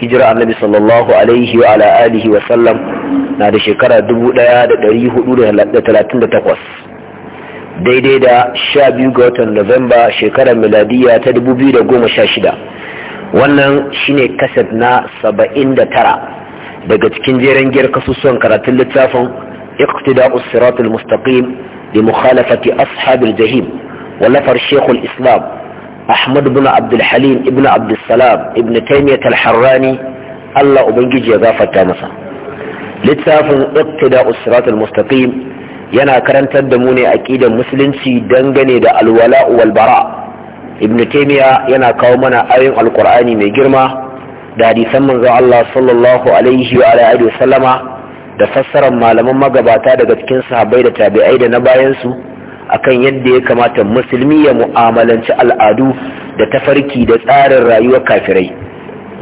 hijira annabi sallallahu alaihi wa ala alihi wa sallam na da shekara 1438 daidai da 12 ga watan Nuwamba shekarar miladiya ta 2016 wannan shine kaset na 79 daga cikin jeren giyar kasusuwan karatun littafin iqtida'us siratul mustaqim li mukhalafati ashabil jahim wallafar shekul islam ahmad ibn abdul halim ibn abdul salam ibn taymiyat al-harrani Allah ubangiji ya gafarta masa littafin iqtida usrat al-mustaqim yana karantar da mu ne aqidan musulunci dangane da alwala wal bara ibn taymiya yana kawo mana ayoyin alkur'ani mai girma da hadisan manzon Allah sallallahu alaihi wa alihi sallama da fassarar malaman magabata daga cikin sahabbai da tabi'ai da na bayansu. akan yadda ya kamata musulmi ya mu'amalanci al'adu da tafarki da tsarin rayuwar kafirai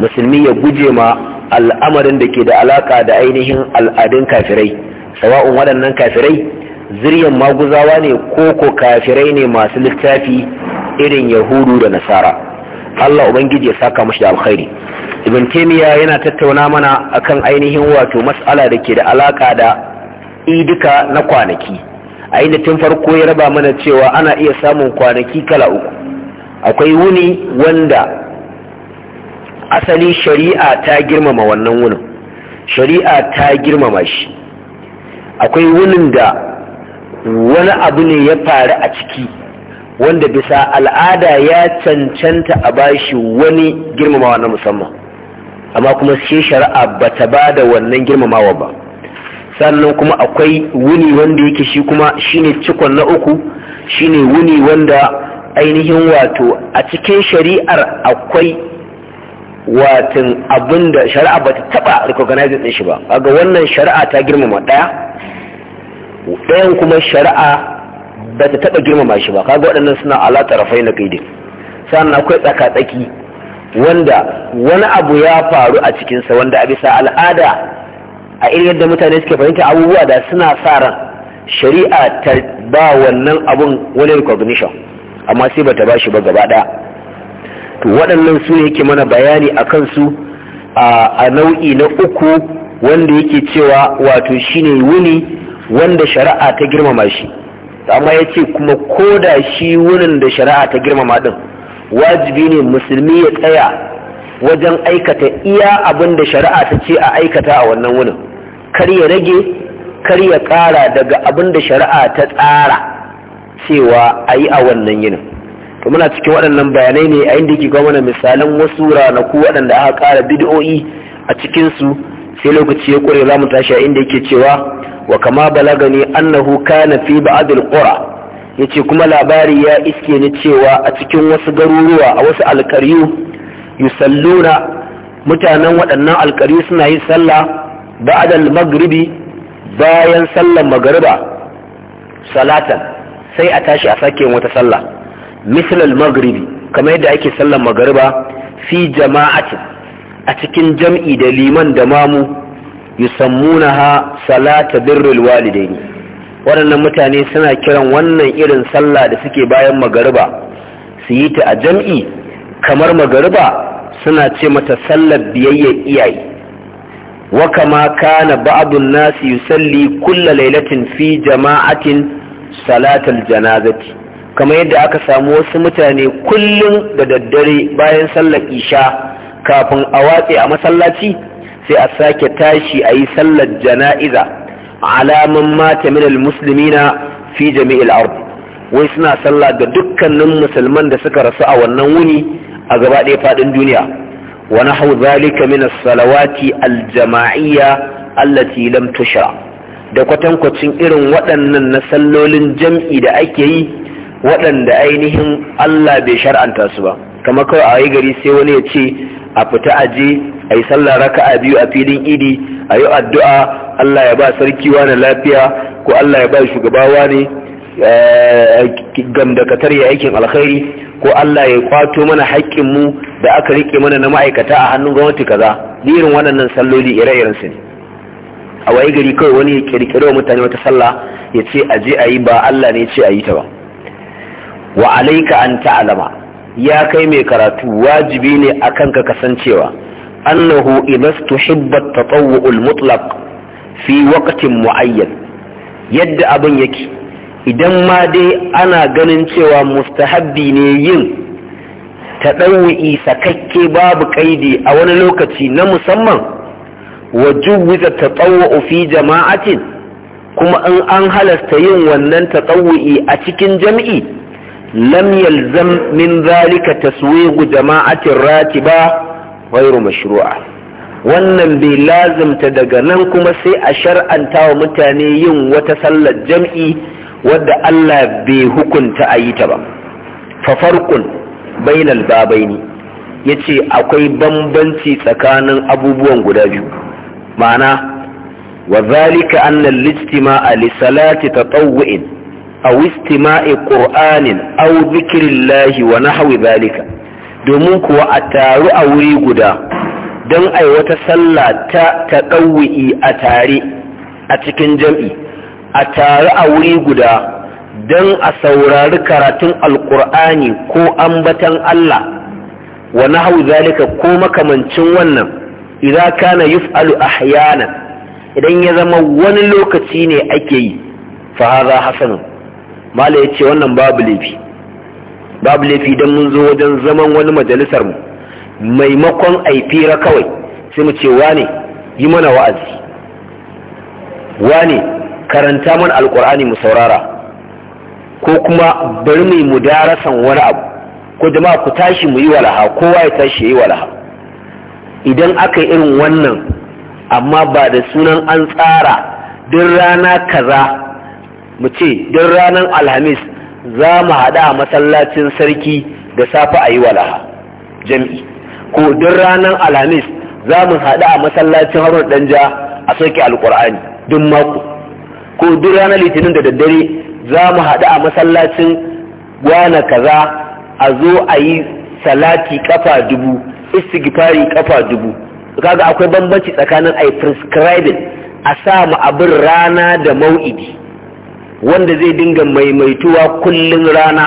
musulmi ya guje ma al'amarin da ke da alaka da ainihin al'adun kafirai sawa'un waɗannan kafirai ziryan maguzawa ne ko ko kafirai ne masu littafi irin yahudu da nasara Allah ubangiji ya saka mashi da alkhairi ibn taymiya yana tattauna mana akan ainihin wato mas'ala da ke da alaka da idika na kwanaki inda tun farko ya raba mana cewa ana iya samun kwanaki kala uku akwai wuni wanda asali shari'a ta girmama wannan wunin shari'a ta girmama shi akwai wunin da wani abu ne ya faru a ciki wanda bisa al'ada ya cancanta a bashi wani girmamawa na musamman amma kuma sai shari'a bata ba da wannan girmamawa ba sannan kuma akwai wuni wanda yake shi kuma shine cikon na uku shine wuni wanda ainihin wato a cikin shari'ar akwai watan abinda shari'a bata taba recognize din shi ba kaga wannan shari'a ta girmama daya dayan kuma shari'a bata taba girmama shi ba kaga waɗannan suna ala tarafai na kaidin sannan akwai tsaka-tsaki wanda wani abu ya faru a cikinsa wanda a bisa al'ada a irin yadda mutane suke fahimta abubuwa da suna sa ran shari'a ta ba wannan abun wani recognition amma sai bata ba shi ba gaba ɗaya to waɗannan su ke yake mana bayani a kansu a nau'i na uku wanda yake cewa wato shine wuni wanda shari'a ta girmama shi amma ya ce kuma ko da shi wunin da shari'a ta girmama ɗin wajibi ne musulmi ya tsaya wajen aikata iya abin da shari'a ta ce a aikata a wannan wunin kar ya rage kar ya ƙara daga abin da shari'a ta tsara cewa a yi a wannan yinin to muna cikin waɗannan bayanai ne a inda ke gwamna misalan wasu ranaku waɗanda aka kara bid'o'i a cikinsu sai lokaci ya ƙware za mu tashi a inda yake cewa wa kama balagani annahu kana fi ba'dil qura yace kuma labari ya iske ni cewa a cikin wasu garuruwa a wasu alƙaryu yusalluna mutanen waɗannan alƙaryu suna yin sallah Ba'adal al bayan sallar magariba salatan sai a tashi a sake wata sallah misal magribi kamar yadda ake sallar magariba fi jama'atin a cikin jam'i da liman da mamu ha salata birrul walidaini waɗannan mutane suna kiran wannan irin sallah da suke bayan magariba su yi ta a jam'i kamar magariba suna ce mata sallar biyayyar iyaye Wakama kana Ba'adun nas yusalli kulla lailatin fi jama'atin salatal janazati kamar yadda aka samu wasu mutane kullum da daddare bayan sallar isha kafin a watse a masallaci sai a sake tashi a yi sallar jana'iza alaman mata minal musulmina fi jami'il ardi wai suna sallah ga dukkanin musulman da suka rasu a wannan wuni a gaba ɗaya faɗin duniya ونحو ذلك من الصلوات الجماعية التي لم تشرع da kwatankwacin irin waɗannan na sallolin jam'i da ake yi waɗanda ainihin Allah bai shar'anta su ba kama kawai a yi gari sai wani ya ce a fita a je a yi sallah raka a biyu a filin idi a yi addu'a Allah ya ba sarki wani lafiya ko Allah ya ba shugaba ne gamdakatar ya aikin alkhairi ko Allah ya kwato mana haƙƙinmu da aka rike mana na ma'aikata a hannun gwamnati kaza irin waɗannan salloli ire-iren su ne a waye gari kawai wani ya kirkiro mutane wata sallah ya ce a je a yi ba Allah ne ya ce a yi ta ba wa alaika an ta'alama ya kai mai karatu wajibi ne akan ka kasancewa annahu idastuhibba hibbat tatawwu'ul mutlaq fi waqtin mu'ayyad yadda abin yake idan ma dai ana ganin cewa mustahabbi ne yin taɗawu'i sakakke babu kaidi a wani lokaci na musamman wa ta taɗawu'u fi jama'atin kuma in an halasta yin wannan taɗawu'i a cikin jam'i lam yalzam min zalika taswigu jama'atin ba, ghairu mashru'a wannan bai lazimta daga nan kuma sai a shar'anta wa mutane yin wata sallar jam'i wadda Allah bai hukunta a yi ta ba fa farqun bainal babaini yace akwai bambanci tsakanin abubuwan guda biyu ma'ana wa zalika anna al-ijtima'a li salati tatawwu'in aw istima'i qur'anin au dhikrillahi wa nahwi zalika domin kuwa a taru a wuri guda don ai wata sallah ta taɗawu'i a tare a cikin jam'i a tare a wuri guda don a saurari karatun alkur'ani ko ambatan Allah wa hau zalika ko makamancin wannan idza kana yuf'alu ahyana idan ya zama wani lokaci ne ake yi fa hadha hasan mala yace wannan babu laifi babu laifi dan mun zo wajen zaman wani majalisar mu maimakon ai fira kawai sai mu ce wane yi mana wa'azi wane karanta mana alkur'ani mu saurara ko kuma bari mu darasan wani abu ko jama'a ku tashi mu yi walaha kowa ya tashi yi walaha idan aka yi irin wannan amma ba da sunan an tsara duk rana kaza mu ce duk ranar alhamis za mu haɗa a masallacin sarki da safe a yi walaha jami'i ko duk ranar alhamis za mu haɗa a masallacin harun ɗanja a sauke alƙur'ani duk mako ko duk ranar litinin da daddare za mu haɗu a masallacin gwana kaza a zo a yi salati kafa dubu istighfari kafa dubu kaga akwai bambanci tsakanin ai prescribing a sa mu abin rana da mau'idi wanda zai dinga maimaituwa kullun rana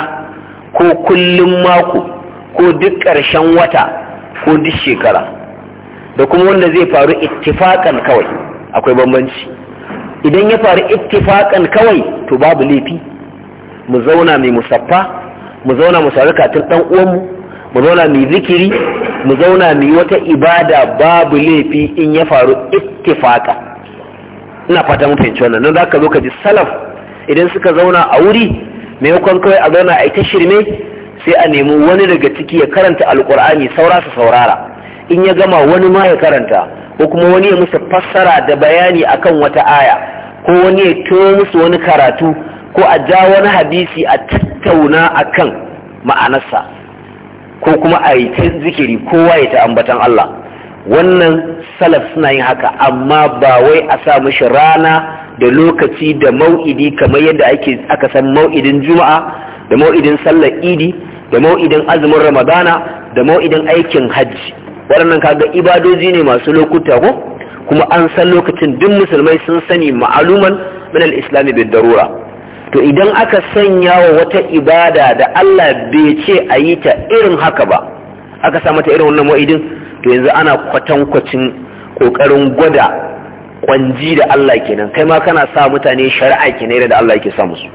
ko kullun mako ko duk ƙarshen wata ko duk shekara da kuma wanda zai faru ittifakan kawai akwai bambanci idan ya faru ittifakan kawai to babu laifi mu zauna mai musaffa mu zauna mu sauri katin dan uwan mu zauna mai zikiri mu zauna mai wata ibada babu laifi in ya faru ittifaka ina fata mun fahimci wannan nan zaka zo ka ji salaf idan suka zauna a wuri kwan kawai a zauna a ita shirme sai a nemi wani daga ciki ya karanta alkur'ani saura su saurara in ya gama wani ma ya karanta ko kuma wani ya musu fassara da bayani akan wata aya ko wani ya turo musu wani karatu ko a ja wani hadisi a tattauna akan ma'anarsa ko kuma a yi zikiri kowa ya ta ambatan Allah wannan salaf suna yin haka amma ba wai a sa mishi rana da lokaci da mau'idi kamar yadda ake aka san mau'idin juma'a da mau'idin sallar idi da mau'idin azumin ramadana da mau'idin aikin hajji waɗannan kaga ibadoji ne masu lokuta ko kuma an san lokacin duk musulmai sun sani ma'aluman min al-islami bi darura to idan aka sanya wa wata ibada da Allah bai ce a yi ta irin haka ba aka sa mata irin wannan wa'idin to yanzu ana kwatankwacin kokarin gwada kwanji da Allah kenan kai ma kana sa mutane shari'a kenan da Allah yake sa musu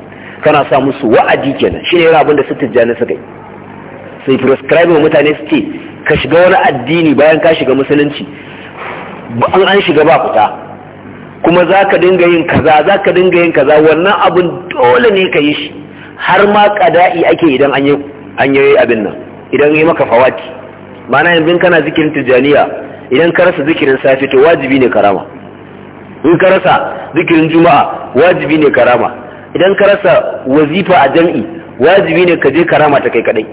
kana sa musu wa'adi kenan shine irin abin da su tijjani suka yi sai prescribe mutane su ce ka shiga wani addini bayan ka shiga musulunci an an shiga ba fita kuma za ka dinga yin kaza za ka dinga yin kaza wannan abin dole ne ka yi shi har ma kada'i ake idan an yi abin nan idan yi maka fawaki mana yanzu kana zikirin tijjaniya idan ka rasa zikirin safe to wajibi ne karama in ka rasa zikirin juma'a wajibi ne karama idan ka rasa wazifa a jam'i wajibi ne ka je karama ta kai kadai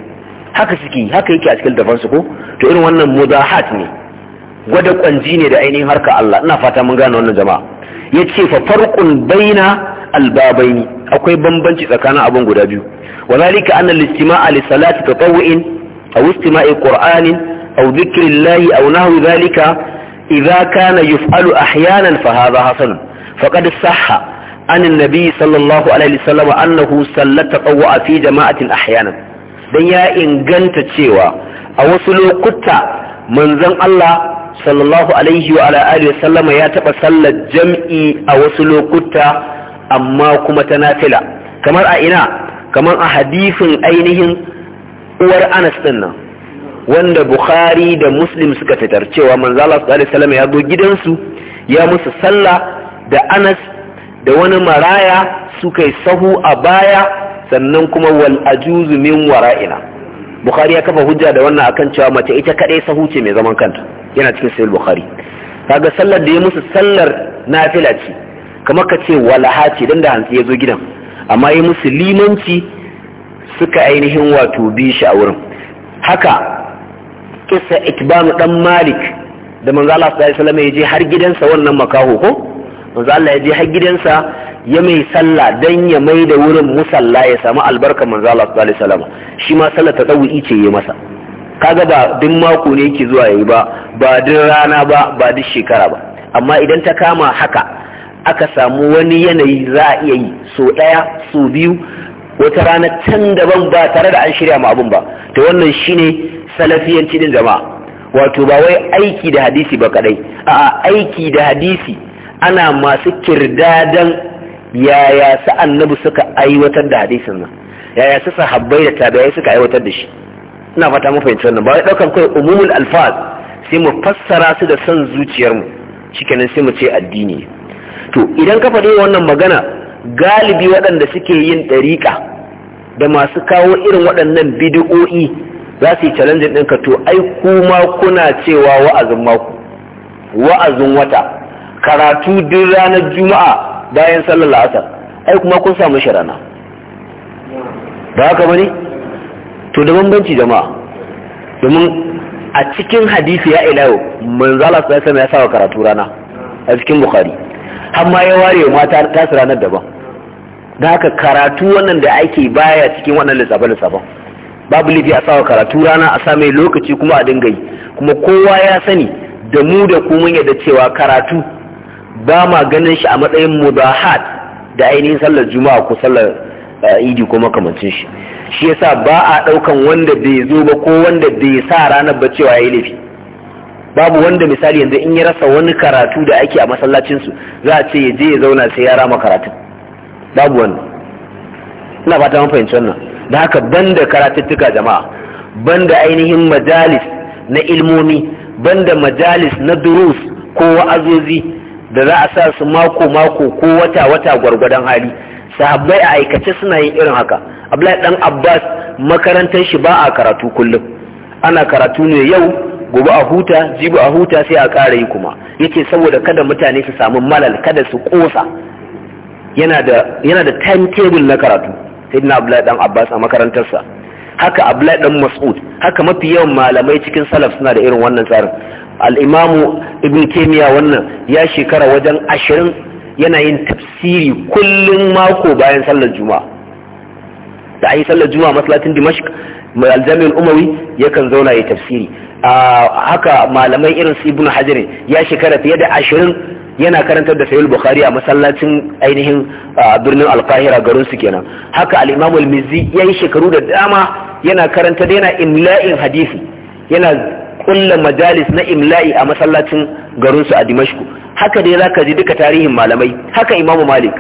haka suke haka yake a cikin dafansu ko to irin wannan mudahat ne gwada kwanji ne da ainihin harka Allah ina fata mun gane wannan jama'a yace fa farqun baina albabaini akwai bambanci tsakanin abin guda biyu wadhalika anna al-istima'a li salati tatawwu'in aw istima'i qur'anin aw dhikrillahi aw nahwi dhalika idha kana yuf'alu ahyanan fa hadha hasan faqad sahha an an-nabi sallallahu alaihi wasallam annahu sallata tatawwu'a fi jama'atin ahyanan don ya inganta cewa a wasu lokuta manzon Allah sallallahu alaihi wa alihi sallama ya taba sallar jam'i a wasu lokuta amma kuma ta nafila kamar a ina kamar a hadisin ainihin uwar Anas din wanda Bukhari da Muslim suka fitar cewa manzon Allah sallallahu alaihi sallama ya zo gidansu ya musu sallah da Anas da wani maraya suka yi sahu a baya sannan kuma wal ajuzu min wara'ina bukhari ya kafa hujja da wannan akan cewa mace ita kadai sahu ce mai zaman kanta yana cikin sahih bukhari kaga sallar da ya musu sallar nafila ce kamar ka ce walaha ce dan da hantsi ya zo gidan amma ya musu limanci suka ainihin wato bi shi a wurin haka kisa itbanu dan malik da manzo Allah sallallahu alaihi wasallam ya je har gidansa wannan makaho ko manzo Allah ya je har gidansa ya mai sallah dan ya mai da wurin musalla ya samu albarka manzo Allah sallallahu alaihi shi ma sallar ta dawi ce yi masa kaga ba duk mako ne yake zuwa yayi ba ba duk rana ba ba duk shekara ba amma idan ta kama haka aka samu wani yanayi za a iya yi so ɗaya so biyu wata rana can daban ba tare da an shirya ma abin ba to wannan shine salafiyanci din jama'a wato ba wai aiki da hadisi ba kadai a'a aiki da hadisi ana masu kirdadan yaya su annabi suka aiwatar da hadisin nan yaya su sahabbai da tabi'ai suka aiwatar da shi ina fata mu fahimci wannan ba wai daukar kai umumul alfaz sai mu fassara su da son zuciyar mu shikenan sai mu ce addini to idan ka faɗi wannan magana galibi waɗanda suke yin ɗariƙa da masu kawo irin waɗannan bid'o'i za su yi challenge ɗinka to ai kuma kuna cewa wa'azin mako wa'azin wata karatu duk ranar juma'a bayan sallar la'asar ai kuma kun samu shi rana ba haka bane to da bambanci jama'a domin a cikin hadisi ya ilayo manzala sai sama ya sa karatu rana a cikin bukhari amma ya ware mata tasu ranar daban da haka karatu wannan da ake baya cikin wannan lissafe-lissafen babu lifi a sawa karatu rana a sa mai lokaci kuma a dinga yi kuma kowa ya sani da mu da kuma yadda cewa karatu ba ma ganin shi a matsayin mudahat da ainihin sallar juma'a ko sallar eh, idi ko makamancin shi shi yasa ba a daukan wanda bai zo ba ko wanda bai sa ranar ba cewa yayi laifi babu wanda misali yanzu in ya rasa wani karatu da ake a masallacin su za a ce ya je ya zauna sai ya rama karatu babu wani. ina fata mun fahimci wannan da haka banda karatuttuka jama'a banda ainihin majalis na ilmomi banda majalis na durus ko wa'azozi da za a sa su mako mako ko wata wata gwargwadon hali sahabbai a aikace suna yin irin haka abdullahi dan abbas makarantar shi ba a karatu kullum ana karatu ne yau gobe a huta jibi a huta sai a ƙara yi kuma yake saboda kada mutane su samu malal kada su ƙosa yana da yana da timetable na karatu sai na abdullahi dan abbas a makarantarsa haka abdullahi dan mas'ud haka mafi yawan malamai cikin salaf suna da irin wannan tsarin al'imamu ibn Kimiya wannan ya shekara wajen ashirin yana yin tafsiri kullum mako bayan sallar juma'a da a yi sallar juma'a masalatin dimashq mai aljami'ul umawi yakan zauna ya tafsiri A haka malamai irin su ibn hajar ya shekara fiye da ashirin yana karantar da sayul bukhari a masallacin ainihin birnin alkahira garin su kenan haka al'imamu al-mizzi ya yi shekaru da dama yana karanta da yana imla'in hadisi yana kulla majalis na imla'i a masallacin garinsu a dimashku haka dai zaka ji duka tarihin malamai haka imamu malik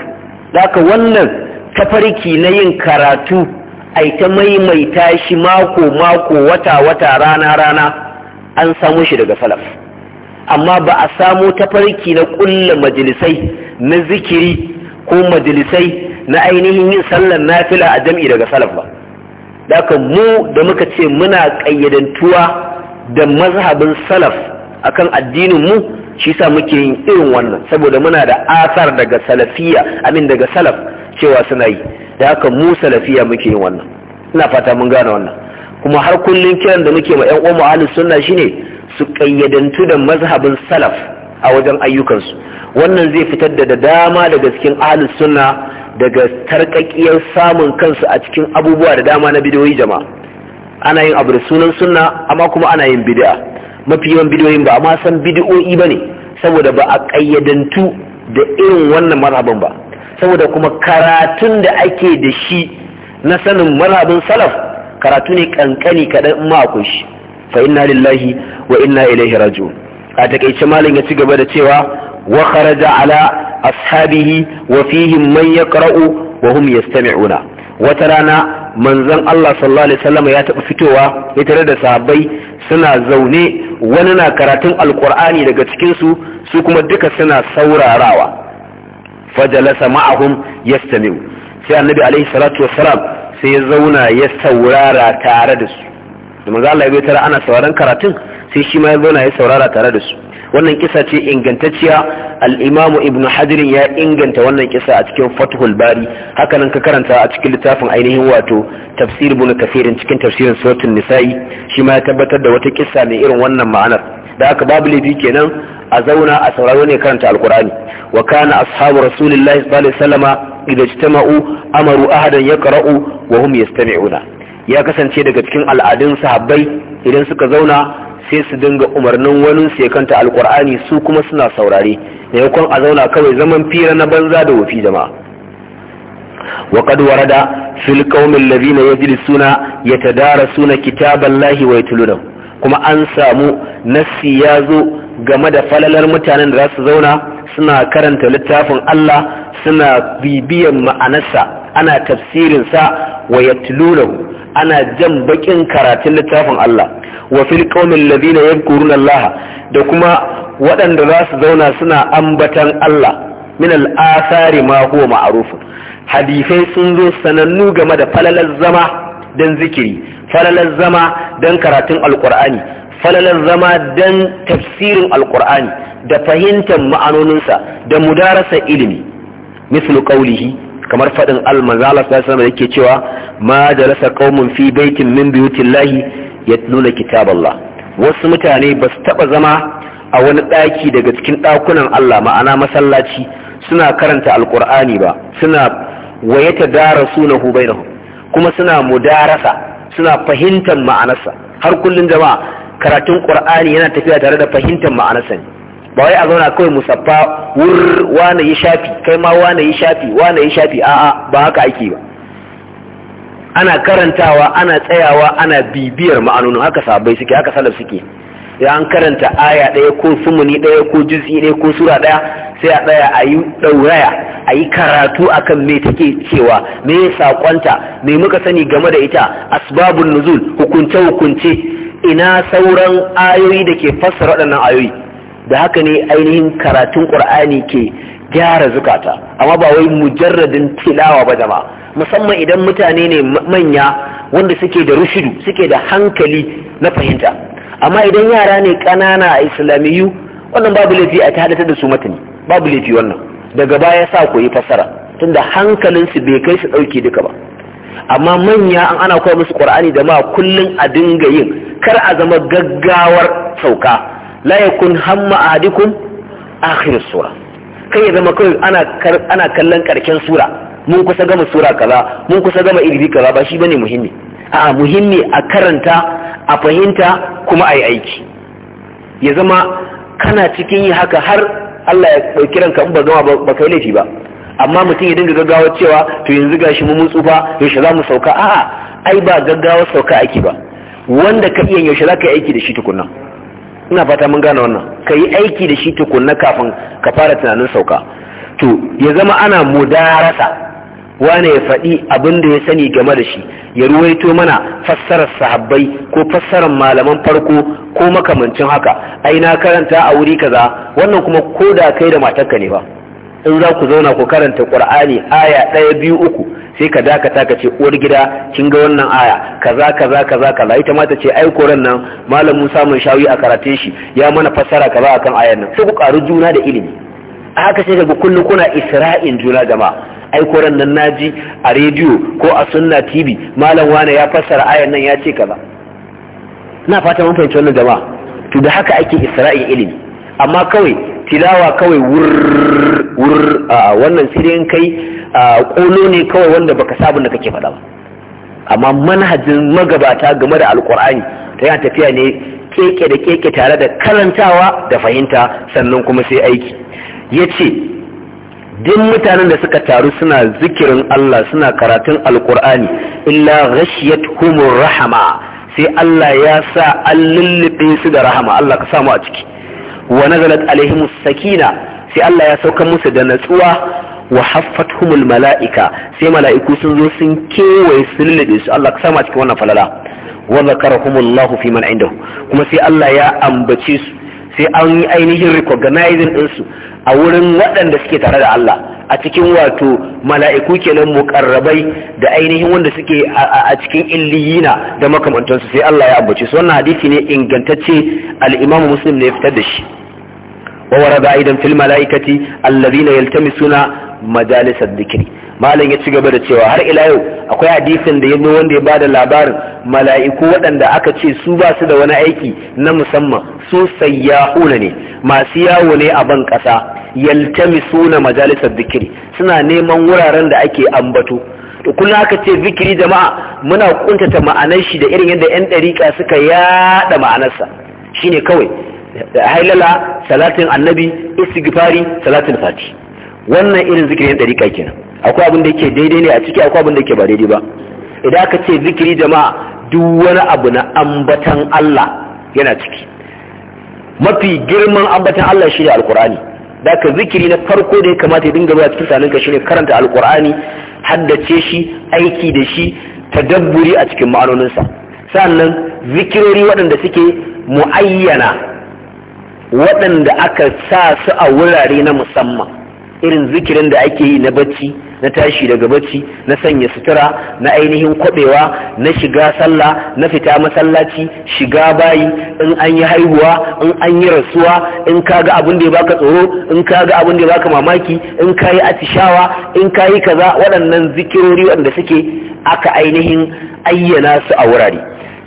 zaka wannan tafarki na yin karatu ai ta maimaita shi mako mako wata wata rana rana an samu shi daga salaf amma ba a samu tafarki na kulla majalisai na zikiri ko majalisai na ainihin yin sallar nafila a jam'i daga salaf ba da mu da muka ce muna ƙayyadantuwa da mazhabin salaf akan addinin mu shi sa muke yin irin wannan saboda muna da asar daga salafiya amin daga salaf cewa suna yi da haka mu salafiya muke yin wannan ina fata mun gane wannan kuma har kullun kiran da muke ma ƴan uwan ahlus sunna ne su kayyadantu da mazhabin salaf a wajen ayyukansu wannan zai fitar da dama daga cikin ahli sunna daga tarkakiyar samun kansu a cikin abubuwa da dama na bidiyoyi jama'a ana yin abu da sunan sunna amma kuma ana yin bid'a mafi yawan bidiyoyin ba amma san bid'o'i bane saboda ba a kayyadantu da irin wannan marhaban ba saboda kuma karatun da ake da shi na sanin marhabin salaf karatu ne kankani kaɗan in ma akwai shi fa inna lillahi wa inna ilaihi raji'un a takaice malam ya ci gaba da cewa wa kharaja ala ashabihi wa fihim man yaqra'u wa hum yastami'una wata rana manzon Allah sallallahu alaihi wasallam ya taɓa fitowa ya tare da sahabbai suna zaune wani na karatun alkur'ani daga cikin su su kuma duka suna saurarawa fajalasa ma'ahum yastami sai annabi alaihi salatu wassalam sai ya zauna ya saurara tare da su da manzo Allah ya tare ana sauraron karatun sai shi ma ya zauna ya saurara tare da su wannan kisa ce ingantacciya al-imamu ibnu hajar ya inganta wannan kisa a cikin fathul bari haka nan ka karanta a cikin littafin ainihin wato tafsir ibn kafirin cikin tafsirin suratul nisa'i shi ma ya tabbatar da wata kisa mai irin wannan ma'anar da aka babu laifi kenan a zauna a sauraro ne karanta alkur'ani wa kana ashabu rasulillahi sallallahu alaihi wasallama idza amaru ahadan yaqra'u wa hum yastami'una ya kasance daga cikin al'adun sahabbai idan suka zauna sai su dinga umarnin wani su ya kanta alkur'ani su kuma suna saurare maimakon a zauna kawai zaman fira na banza da wofi jama'a وقد ورد في القوم الذين يجلسون يتدارسون كتاب الله ويتلونه kuma an samu nasi ya zo game da falalar mutanen da za su zauna suna karanta littafin Allah suna bibiyan ma'anarsa ana tafsirinsa wa yatlunahu ana jan bakin karatun littafin Allah wa fil qaumil ladina yadhkuruna Allah da kuma waɗanda za su zauna suna ambatan Allah min al-athari ma huwa ma'ruf hadisai sun zo sanannu game da falalar zama dan zikiri falalar zama dan karatun alqur'ani falalar zama dan tafsirin alqur'ani da fahimtar ma'anoninsa da mudarasa ilimi mislu qawlihi kamar faɗin al sallallahu alaihi yake cewa ma jalasa qaumun fi baitin min buyutillahi yatluna kitaballah wasu mutane ba su taba zama a wani ɗaki daga cikin ɗakunan Allah ma'ana masallaci suna karanta alkur'ani ba suna wayata darasunahu bainahum kuma suna mudarasa suna fahimtar ma'anarsa har kullun jama'a karatun qur'ani yana tafiya tare da fahimtar ma'anarsa ne ba wai a zauna kawai musaffa wur wane yi shafi kai ma wane yi shafi wane yi shafi a'a ba haka ake ba ana karantawa ana tsayawa ana bibiyar ma'anonin haka sabai suke haka salaf suke ya an karanta aya ɗaya ko sumuni ɗaya ko jutsi ɗaya ko sura ɗaya sai a ɗaya a yi ɗauraya a yi karatu akan me take cewa me ya saƙonta me muka sani game da ita asbabun nuzul hukunce hukunce ina sauran ayoyi da ke fassara waɗannan ayoyi da haka ne ainihin karatun ƙur'ani ke gyara zukata amma ba wai mujarradin tilawa ba jama musamman idan mutane ne manya wanda suke da rushidu suke da hankali na fahimta amma idan yara ne ƙanana a islamiyu wannan babu laifi a ta da su matani babu laifi wannan daga baya sa ku yi fassara tunda hankalinsu bai kai su ɗauke duka ba amma manya an ana koya musu ƙur'ani da ma kullum a dinga yin kar a zama gaggawar sauka la yakun hamma ahadikum akhir sura kai ya zama kai ana kallon karken sura mun kusa gama sura kaza mun kusa gama irbi kaza ba shi bane muhimmi a'a muhimmi a karanta a fahimta kuma a yi aiki ya zama kana cikin yi haka har Allah ya ɗauki ranka in ba zama ba kai laifi ba amma mutum ya dinga gaggawa cewa to yanzu gashi mun tsufa yaushe za mu sauka a'a ai ba gaggawa sauka ake ba wanda ka iya yaushe za ka yi aiki da shi tukunna ina fata mun gane wannan ka yi aiki da shi tukunna kafin ka fara tunanin sauka to ya zama ana mudarasa wane ya faɗi abin da ya sani game da shi ya ruwaito mana fassarar sahabbai ko fassarar malaman farko ko makamancin haka ai na karanta a wuri kaza wannan kuma ko da kai da matarka ne ba in za ku zauna ku karanta qur'ani aya ɗaya biyu uku sai ka dakata ka ce uwar gida kin ga wannan aya kaza kaza kaza kaza ita ma ta ce ai koran nan malam Musa shawi a karatun shi ya mana fassara kaza akan ayan nan sai ku karu juna da ilimi a haka sai ga kullu kuna isra'in juna jama'a ai koran nan naji a rediyo ko a sunna tv malam wane ya fassara ayan nan ya ce kaza na fata mun fahimci wannan jama'a to da haka ake isra'in ilimi amma kawai tilawa kawai wurr a wannan sirin kai a ƙolo ne kawai wanda baka sabon da kake faɗa ba amma manhajin magabata game da alƙur'ani ta yana tafiya ne keke da keke tare da karantawa da fahimta sannan kuma sai aiki ya ce duk mutanen da suka taru suna zikirin Allah suna karatun alƙur'ani illa rashiyat humur rahama sai Allah ya sa an lulluɓe su da rahama Allah ka samu a ciki wa nazalat alaihim sakina sai Allah ya sauka musu da natsuwa wa haffatuhumul mala'ika sai mala'iku sun zo sun kewaye su lullube su Allah ka sama cikin wannan falala wa zakarahumullahu fi man indahu kuma sai Allah ya ambace su sai an yi ainihin recognizing din su a wurin waɗanda suke tare da Allah a cikin wato mala'iku kenan muƙarrabai da ainihin wanda suke a cikin illiyina da makamantansu sai Allah ya ambace su wannan hadisi ne ingantacce al-Imam Muslim ne ya fitar da shi وورد أيضا في الملائكة الذين يلتمسون مجالس الذكر malam ya ci gaba da cewa har ila yau akwai hadisin da yazo wanda ya bada labarin mala'iku waɗanda aka ce su ba su da wani aiki na musamman su sayyahuna ne masu yawo ne a ban ƙasa yaltamisuna majalisar zikiri suna neman wuraren da ake ambato to kullum aka ce zikiri jama'a muna kuntata ma'anar shi da irin yadda yan ɗariƙa suka yaɗa ma'anarsa shine kawai hailala salatin annabi istighfari salatin fati wannan irin zikirin dariƙa kenan akwai abin da yake daidai ne a ciki akwai abin da yake ba daidai ba idan aka ce zikiri jama'a duk wani abu na ambatan Allah yana ciki mafi girman ambatan Allah shi ne alkur'ani da ka zikiri na farko da ya kamata ya dinga zuwa cikin saninka shi ne karanta alkur'ani haddace shi aiki da shi tadabburi a cikin ma'anonin sa sannan zikirori waɗanda suke mu'ayyana waɗanda aka sa su a wurare na musamman irin zikirin da ake yi na bacci na tashi daga bacci na sanya sutura na ainihin kwaɓewa, na shiga sallah na fita masallaci shiga bayi in an yi haihuwa in an yi rasuwa in ka ga abin da ya baka tsoro in ka ga abin da ya baka mamaki in ka yi atishawa in ka yi kaza waɗannan zikirori waɗanda suke aka ainihin ayyana su a wurare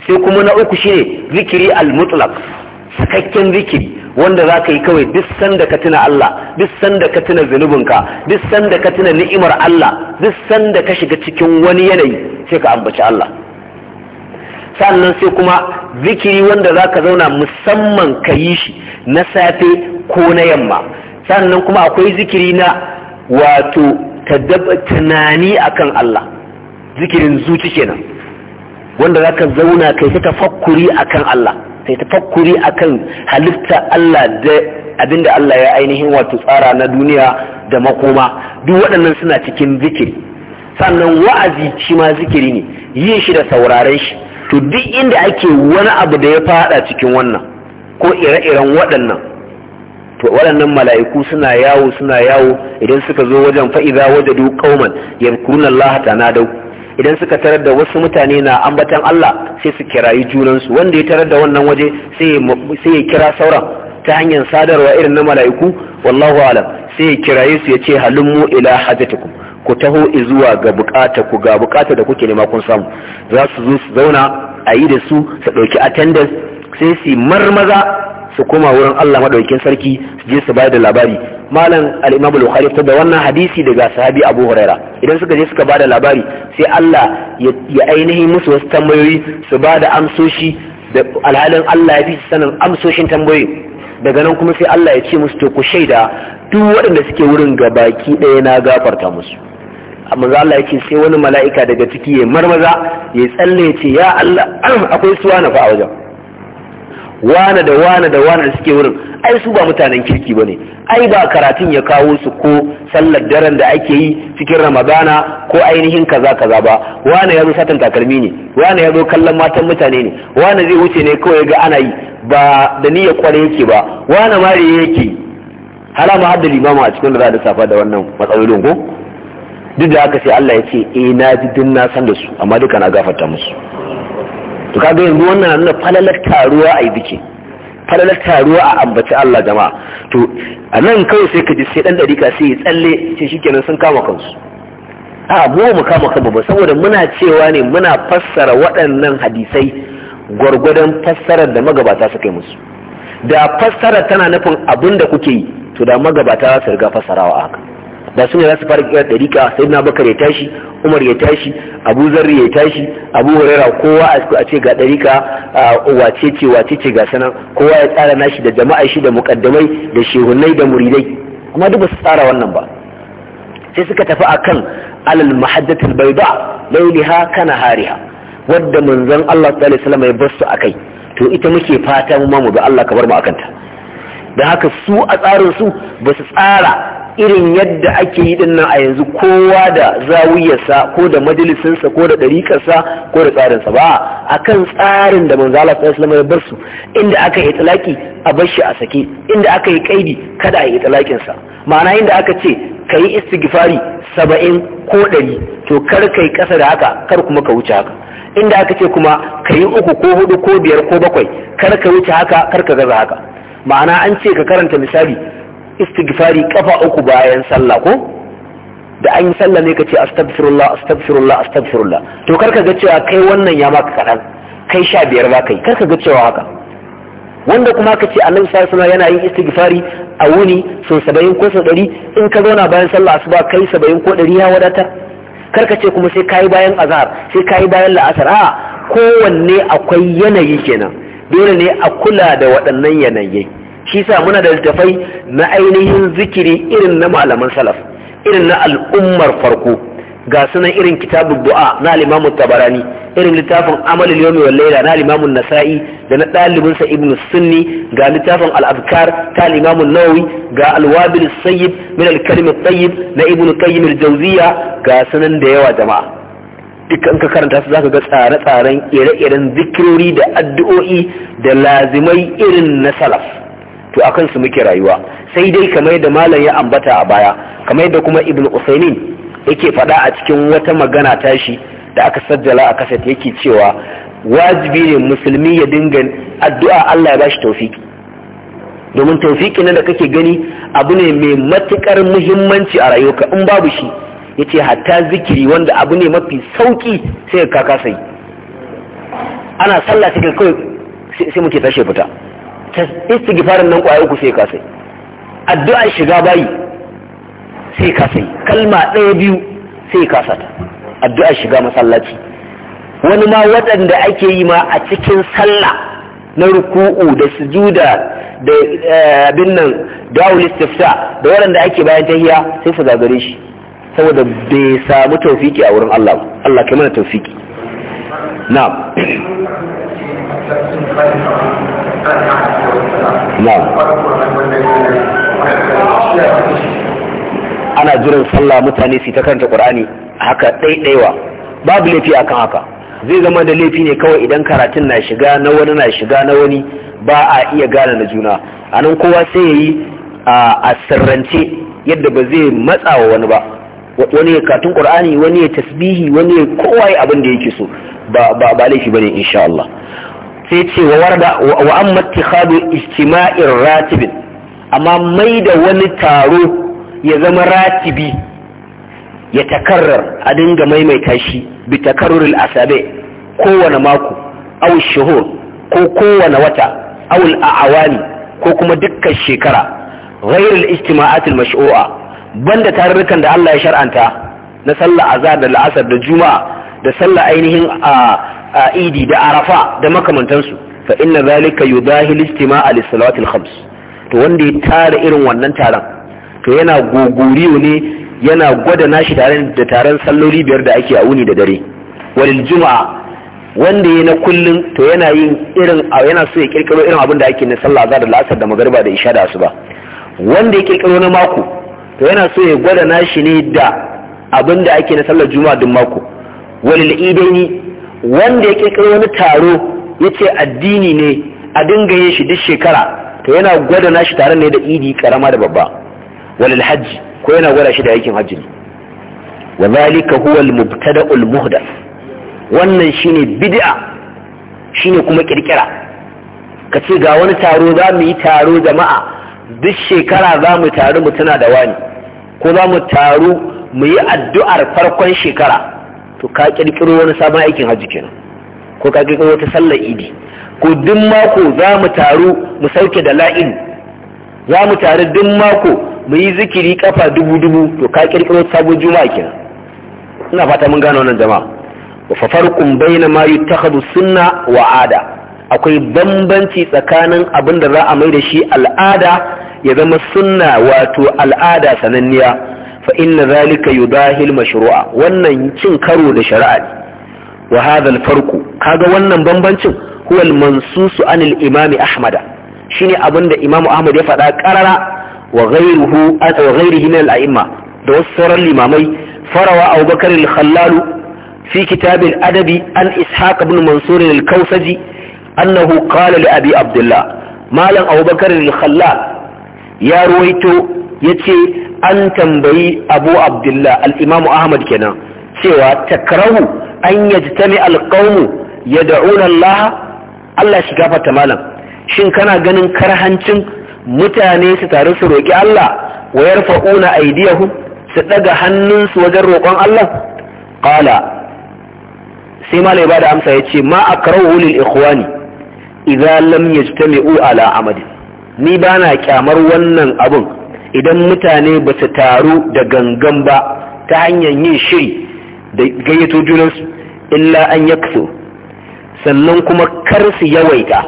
sai kuma na uku shine zikiri al-mutlaq sakakken zikiri wanda za ka yi kawai duk sanda ka tuna Allah duk sanda ka tuna zunubinka duk sanda ka tuna ni'imar Allah duk sanda ka shiga cikin wani yanayi sai ka ambaci Allah sannan sai kuma zikiri wanda za ka zauna musamman ka yi shi na safe ko na yamma sannan kuma akwai zikiri na wato tunani akan Allah zikirin zuci kenan wanda za ka zauna kai ta fakkuri akan Allah sai tafakkuri akan halitta Allah da abinda Allah ya ainihin wato tsara na duniya da makoma duk waɗannan suna cikin zikiri sannan wa'azi shi ma zikiri ne yin shi da sauraren shi to duk inda ake wani abu da ya fada cikin wannan ko ire-iren waɗannan to waɗannan mala'iku suna yawo suna yawo idan suka zo wajen fa'iza wajadu qauman yadhkuruna na tanadau idan suka tarar da wasu mutane na ambatan Allah sai su kirayi junansu wanda ya tarar da wannan waje sai ya kira sauran ta hanyar sadarwa irin na mala'iku wallahu alam sai ya kiraye su ya ce halinmu ila hajjatukum ku taho izuwa ga bukata ku ga bukata da kuke nema kun samu za su zo su zauna a yi da su su ɗauki attendance sai su marmaza su koma wurin Allah maɗaukin sarki su je su bayar da labari malam al-Imam al-Bukhari ta da wannan hadisi daga sahabi Abu Huraira idan suka je suka bada labari sai Allah ya ainihi musu wasu tambayoyi su bada amsoshi da alhalin Allah ya fi sanin amsoshin tambayoyi daga nan kuma sai Allah ya ce musu to ku shaida duk waɗanda suke wurin ga baki ɗaya na gafarta musu za Allah ya ce sai wani mala'ika daga ciki ya marmaza ya tsalle ya ce ya Allah akwai suwa na fa a wajen wane da wane da wane suke wurin ai su ba mutanen kirki ba ne ai ba karatun ya kawo su ko sallar daren da ake yi cikin ramadana ko ainihin kaza kaza ba wane ya zo satan takalmi ne wane ya zo kallon matan mutane ne wane zai wuce ne kawai ga ana yi ba da niyya kware yake ba wane mare yake hala ma hadda limama a cikin da za da safa da wannan matsalolin ko duk da haka sai Allah ya ce eh na ji din na san da su amma duka na gafarta musu to ga yanzu wannan nuna falalar taruwa a yi biki falalar taruwa a ambaci Allah jama'a to a nan kawai sai ka ji sai dan dariƙa sai ya tsalle ce kenan sun kama kansu a mu mu kama kanmu ba saboda muna cewa ne muna fassara waɗannan hadisai gwargwadon fassarar da magabata suka yi musu da fassara tana nufin abin da kuke yi to da magabata za su riga fassarawa haka da su ne za su fara kira dariƙa sai na bakar ya tashi umar ya tashi abu zarri ya tashi abu hurera kowa a ce ga dariƙa wace ce wace ce ga sanan kowa ya tsara nashi da jama'a shi da muƙaddamai da shehunai da muridai amma duk ba su tsara wannan ba sai suka tafi akan alal mahaddatul bayda lailaha kana hariha wadda manzon Allah sallallahu alaihi wasallam ya basu akai to ita muke fata mu ma mu bi Allah ka bar mu akanta da haka su a tsarin su ba su tsara irin yadda ake yi dinnan a yanzu kowa da zawiyarsa ko da majalisinsa ko da ɗariƙarsa ko da tsarinsa ba a kan tsarin da manzo Allah sallallahu ya bar inda aka yi talaki a bar shi a sake inda aka yi kaidi kada a yi talakin sa ma'ana inda aka ce kai istighfari saba'in ko 100 to kar kai kasa da haka kar kuma ka wuce haka inda aka ce kuma kai uku ko hudu ko biyar ko bakwai kar ka wuce haka kar ka gaza haka ma'ana an ce ka karanta misali istighfari kafa uku bayan sallah ko da an yi sallah ne ka ce astaghfirullah astaghfirullah astaghfirullah to karka ga cewa kai wannan ya maka kadan kai sha biyar ba kai karka ga cewa haka wanda kuma ka ce annabi sallallahu alaihi yana yin istighfari a wuni sau sabayin ko sau dari in ka zauna bayan sallah asuba kai sabayin ko dari ya wadatar karka ce kuma sai kai bayan azhar sai kai bayan la'asar a kowanne akwai yanayi kenan dole ne a kula da waɗannan yanayi shi sa muna da littafai na ainihin zikiri irin na malaman salaf irin na al'ummar farko ga sunan irin kitabun du'a na limamu tabarani irin littafin amalul yawmi wal layla na limamun nasa'i da na dalibin sa ibnu sunni ga littafin al azkar ta limamun nawawi ga al wabil sayyib min al kalim tayyib na ibnu qayyim al jawziya ga sunan da yawa jama'a duk in ka karanta su zaka ga tsare-tsaren ire-iren zikirori da addu'o'i da lazimai irin na salaf to akan su muke rayuwa sai dai kamar da malam ya ambata a baya kamar da kuma ibn usaimin yake faɗa a cikin wata magana tashi da aka sajjala a kaset yake cewa wajibi ne musulmi ya dinga addu'a Allah ya bashi taufiki domin taufiki nan da kake gani abu ne mai matukar muhimmanci a rayuwarka in babu shi yace hatta zikiri wanda abu ne mafi sauki sai ka kasa yi ana sallah sai kai sai muke tashi fita istighfarin nan kwaya uku sai ka sai addu'ar shiga bayi sai ka sai kalma ɗaya biyu sai ka sata addu'ar shiga masallaci wani ma waɗanda ake yi ma a cikin sallah na ruku'u da sujuda da abin nan da'ul istifsa da waɗanda ake bayan tahiya sai su gagare shi saboda bai samu tawfiki a wurin Allah Allah kai mana tawfiki na'am ana jiran sallah mutane su ta karanta qur'ani haka ɗaiɗaiwa babu laifi akan haka zai zama da laifi ne kawai idan karatun na shiga na wani na shiga na wani ba a iya gane na juna a nan kowa sai ya yi a sirrance yadda ba zai matsa wa wani ba wani ya katun ƙur'ani wani ya tasbihi wani ya kowa yi abin da yake so ba laifi ba ne insha Allah sai ce wa warda wa amma ittikhadu ijtima'ir ratibin amma mai da wani taro ya zama ratibi ya takarrar a dinga maimaita shi bi takarruril asabe kowane mako aw shuhur ko kowane wata aw awani ko kuma dukkan shekara ghairul ijtima'atil mash'u'a banda tarurrukan da Allah ya shar'anta na sallar azhar da la'asar da juma'a da sallar ainihin a ah, a idi da arafa da makamantansu fa inna zalika yudahil al lis al khams to wanda ya tara irin wannan taron to yana goguri ne yana gwada nashi taron da taron salloli biyar da ake a wuni da dare walil juma'a wanda ya na kullun to yana yin irin yana so ya kirkiro irin abin da ake na sallah azhar da la'asar da magariba da isha da asuba wanda ya kirkiro na mako to yana so ya gwada nashi ne da abin da ake na sallar juma'a duk mako walil idaini wanda ya kirkiro wani taro ya ce addini ne a dinga yin shi duk shekara to yana gwada nashi taron ne da idi karama da babba walil hajji ko yana gwada shi da aikin hajji ne wa zalika huwa al al muhdath wannan shine bid'a shine kuma kirkira ka ce ga wani taro za mu yi taro jama'a duk shekara za mu taru mu tana da wani ko za mu taru mu yi addu'ar farkon shekara to ka kirkiro wani sabon aikin hajji kenan ko ka kirkiro wata sallar idi ko duk mako za mu taru mu sauke da la'in za mu taru duk mako mu yi zikiri kafa dubu dubu to ka kirkiro sabon juma'a kenan ina fata mun gano wannan jama'a wa fa farqun bayna ma yuttakhadhu sunna wa ada akwai bambanci tsakanin abin da za a mai da shi al'ada ya zama sunna wato al'ada sananniya fa inna zalika yudahil mashru'a wannan cin karo da shari'a ne wa hadha al farqu kaga wannan bambancin huwa al mansus an al imam ahmad shine abinda imam ahmad ya faɗa qarara wa ghayruhu wa ghayrihi min al a'imma da wasu sauran limamai farawa abubakar al khallal fi adabi an ishaq ibn mansur al kausaji annahu qala li abi abdullah malam abubakar al khallal ya ruwaito yace an tambayi abu abdullah al'imamu ahmad kenan cewa takrahu an yajtami alqawmu yad'una allah allah shi gafarta malam shin kana ganin karhancin mutane su taru su roki allah wa yarfa'una aydiyahum su daga hannunsu wajen roƙon allah Ƙala. sai malai da amsa yace ma akrahu lil ikhwani idza lam yajtami'u ala amadin ni bana kyamar wannan abun idan mutane ba su taru da gangan ba ta hanyar yin shiri da gayyato junansu illa an yakso sannan kuma kar su yawaita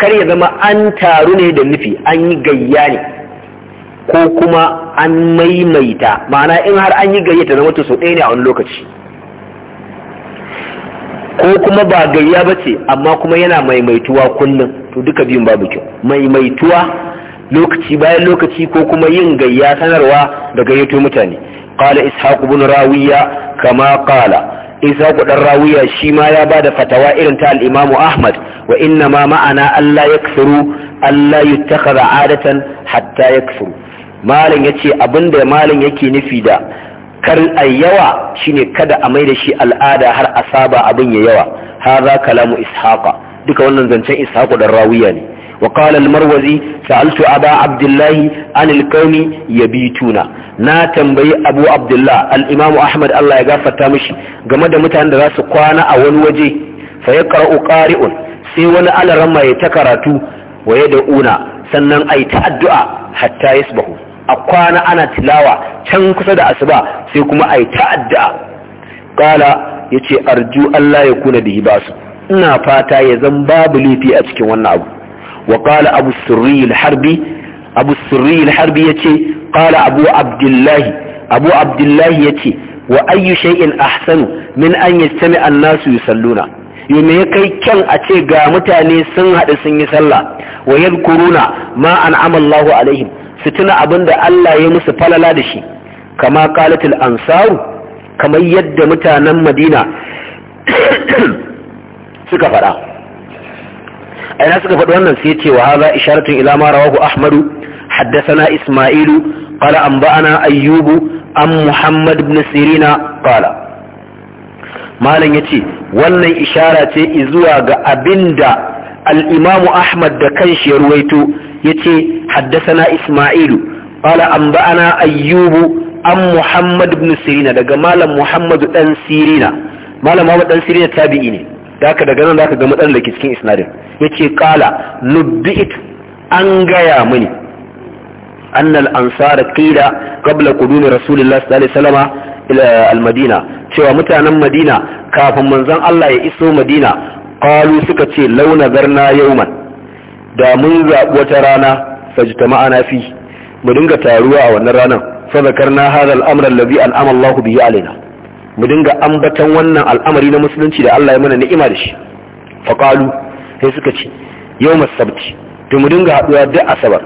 kar ya zama an taru ne da nufi an yi gayya ne ko kuma an maimaita ma'ana in har an yi gayyata zama to ɗaya ne a wani lokaci ko kuma ba gayya ba ce amma kuma yana maimaituwa kullum to duka biyun babu kyau maimaituwa lokaci bayan lokaci ko kuma yin gayya sanarwa da gayyato mutane qala ishaq ibn rawiya kama qala ishaq dan rawiya shi ma ya bada fatawa irin ta al-imamu ahmad wa inna ma ma'ana Allah yakfuru Allah yuttakhadha adatan hatta yakfuru malam yace abinda malam yake nufi da kar a yawa shine kada a mai da shi al'ada har a saba abin ya yawa haza kalamu ishaqa duka wannan zancen ishaku dan rawiya ne وقال المروزي سألت أبا عبد الله عن الكون يبيتون نا تنبي أبو عبد الله الإمام أحمد الله يغفر تامشي قمد متعند راس قوانا أول وجه فيقرأ قارئ سيوان على رمى يتكرتو ويدعونا sannan a yi ta addu'a hatta ya subahu a kwana ana tilawa can kusa da asuba sai kuma a yi ta ƙala ya ce arju Allah ya kuna da yi ina fata ya zan babu laifi a cikin wannan abu wa qala abu surri harbi abu surri al-harbi yace qala abu abdullah abu abdullah yace wa ayyu shay'in ahsanu min an yastami'a an-nasu yusalluna yume ya kai kyan a ce ga mutane sun haɗa sun yi sallah wa yadkuruna ma an'ama Allahu alaihim su tuna abinda Allah ya musu falala da shi kama qalatul ansaru kamar yadda mutanen Madina suka faɗa aina suka faɗi wannan sai ce wa haza isharatun ila ma rawahu ahmadu haddathana isma'ilu qala anba'ana ayyubu an muhammad ibn sirina qala malam yace wannan ishara ce zuwa ga abinda al-imamu ahmad da kan shi ya ruwaito yace haddathana isma'ilu qala anba'ana ayyubu an muhammad ibn sirina daga malam muhammad dan sirina malam muhammad dan sirina tabi'i ne da daga nan zaka ga matsalar da ke cikin isnadin yace qala nubbi'it an gaya mini annal ansara qila qabla qudumi Rasulillah sallallahu alaihi wasallama ila madina cewa mutanen madina kafin manzon Allah ya iso madina qalu suka ce launa zarna yawman da mun zabi wata rana ma'ana fi mu dinga taruwa a wannan ranar fa zakarna hadha al-amra alladhi an'ama Allahu bihi alaina mu dinga ambatan wannan al'amari na musulunci da Allah ya mana ni'ima da shi faqalu sai suka ce yawmas sabti to mu dinga haduwa duk asabar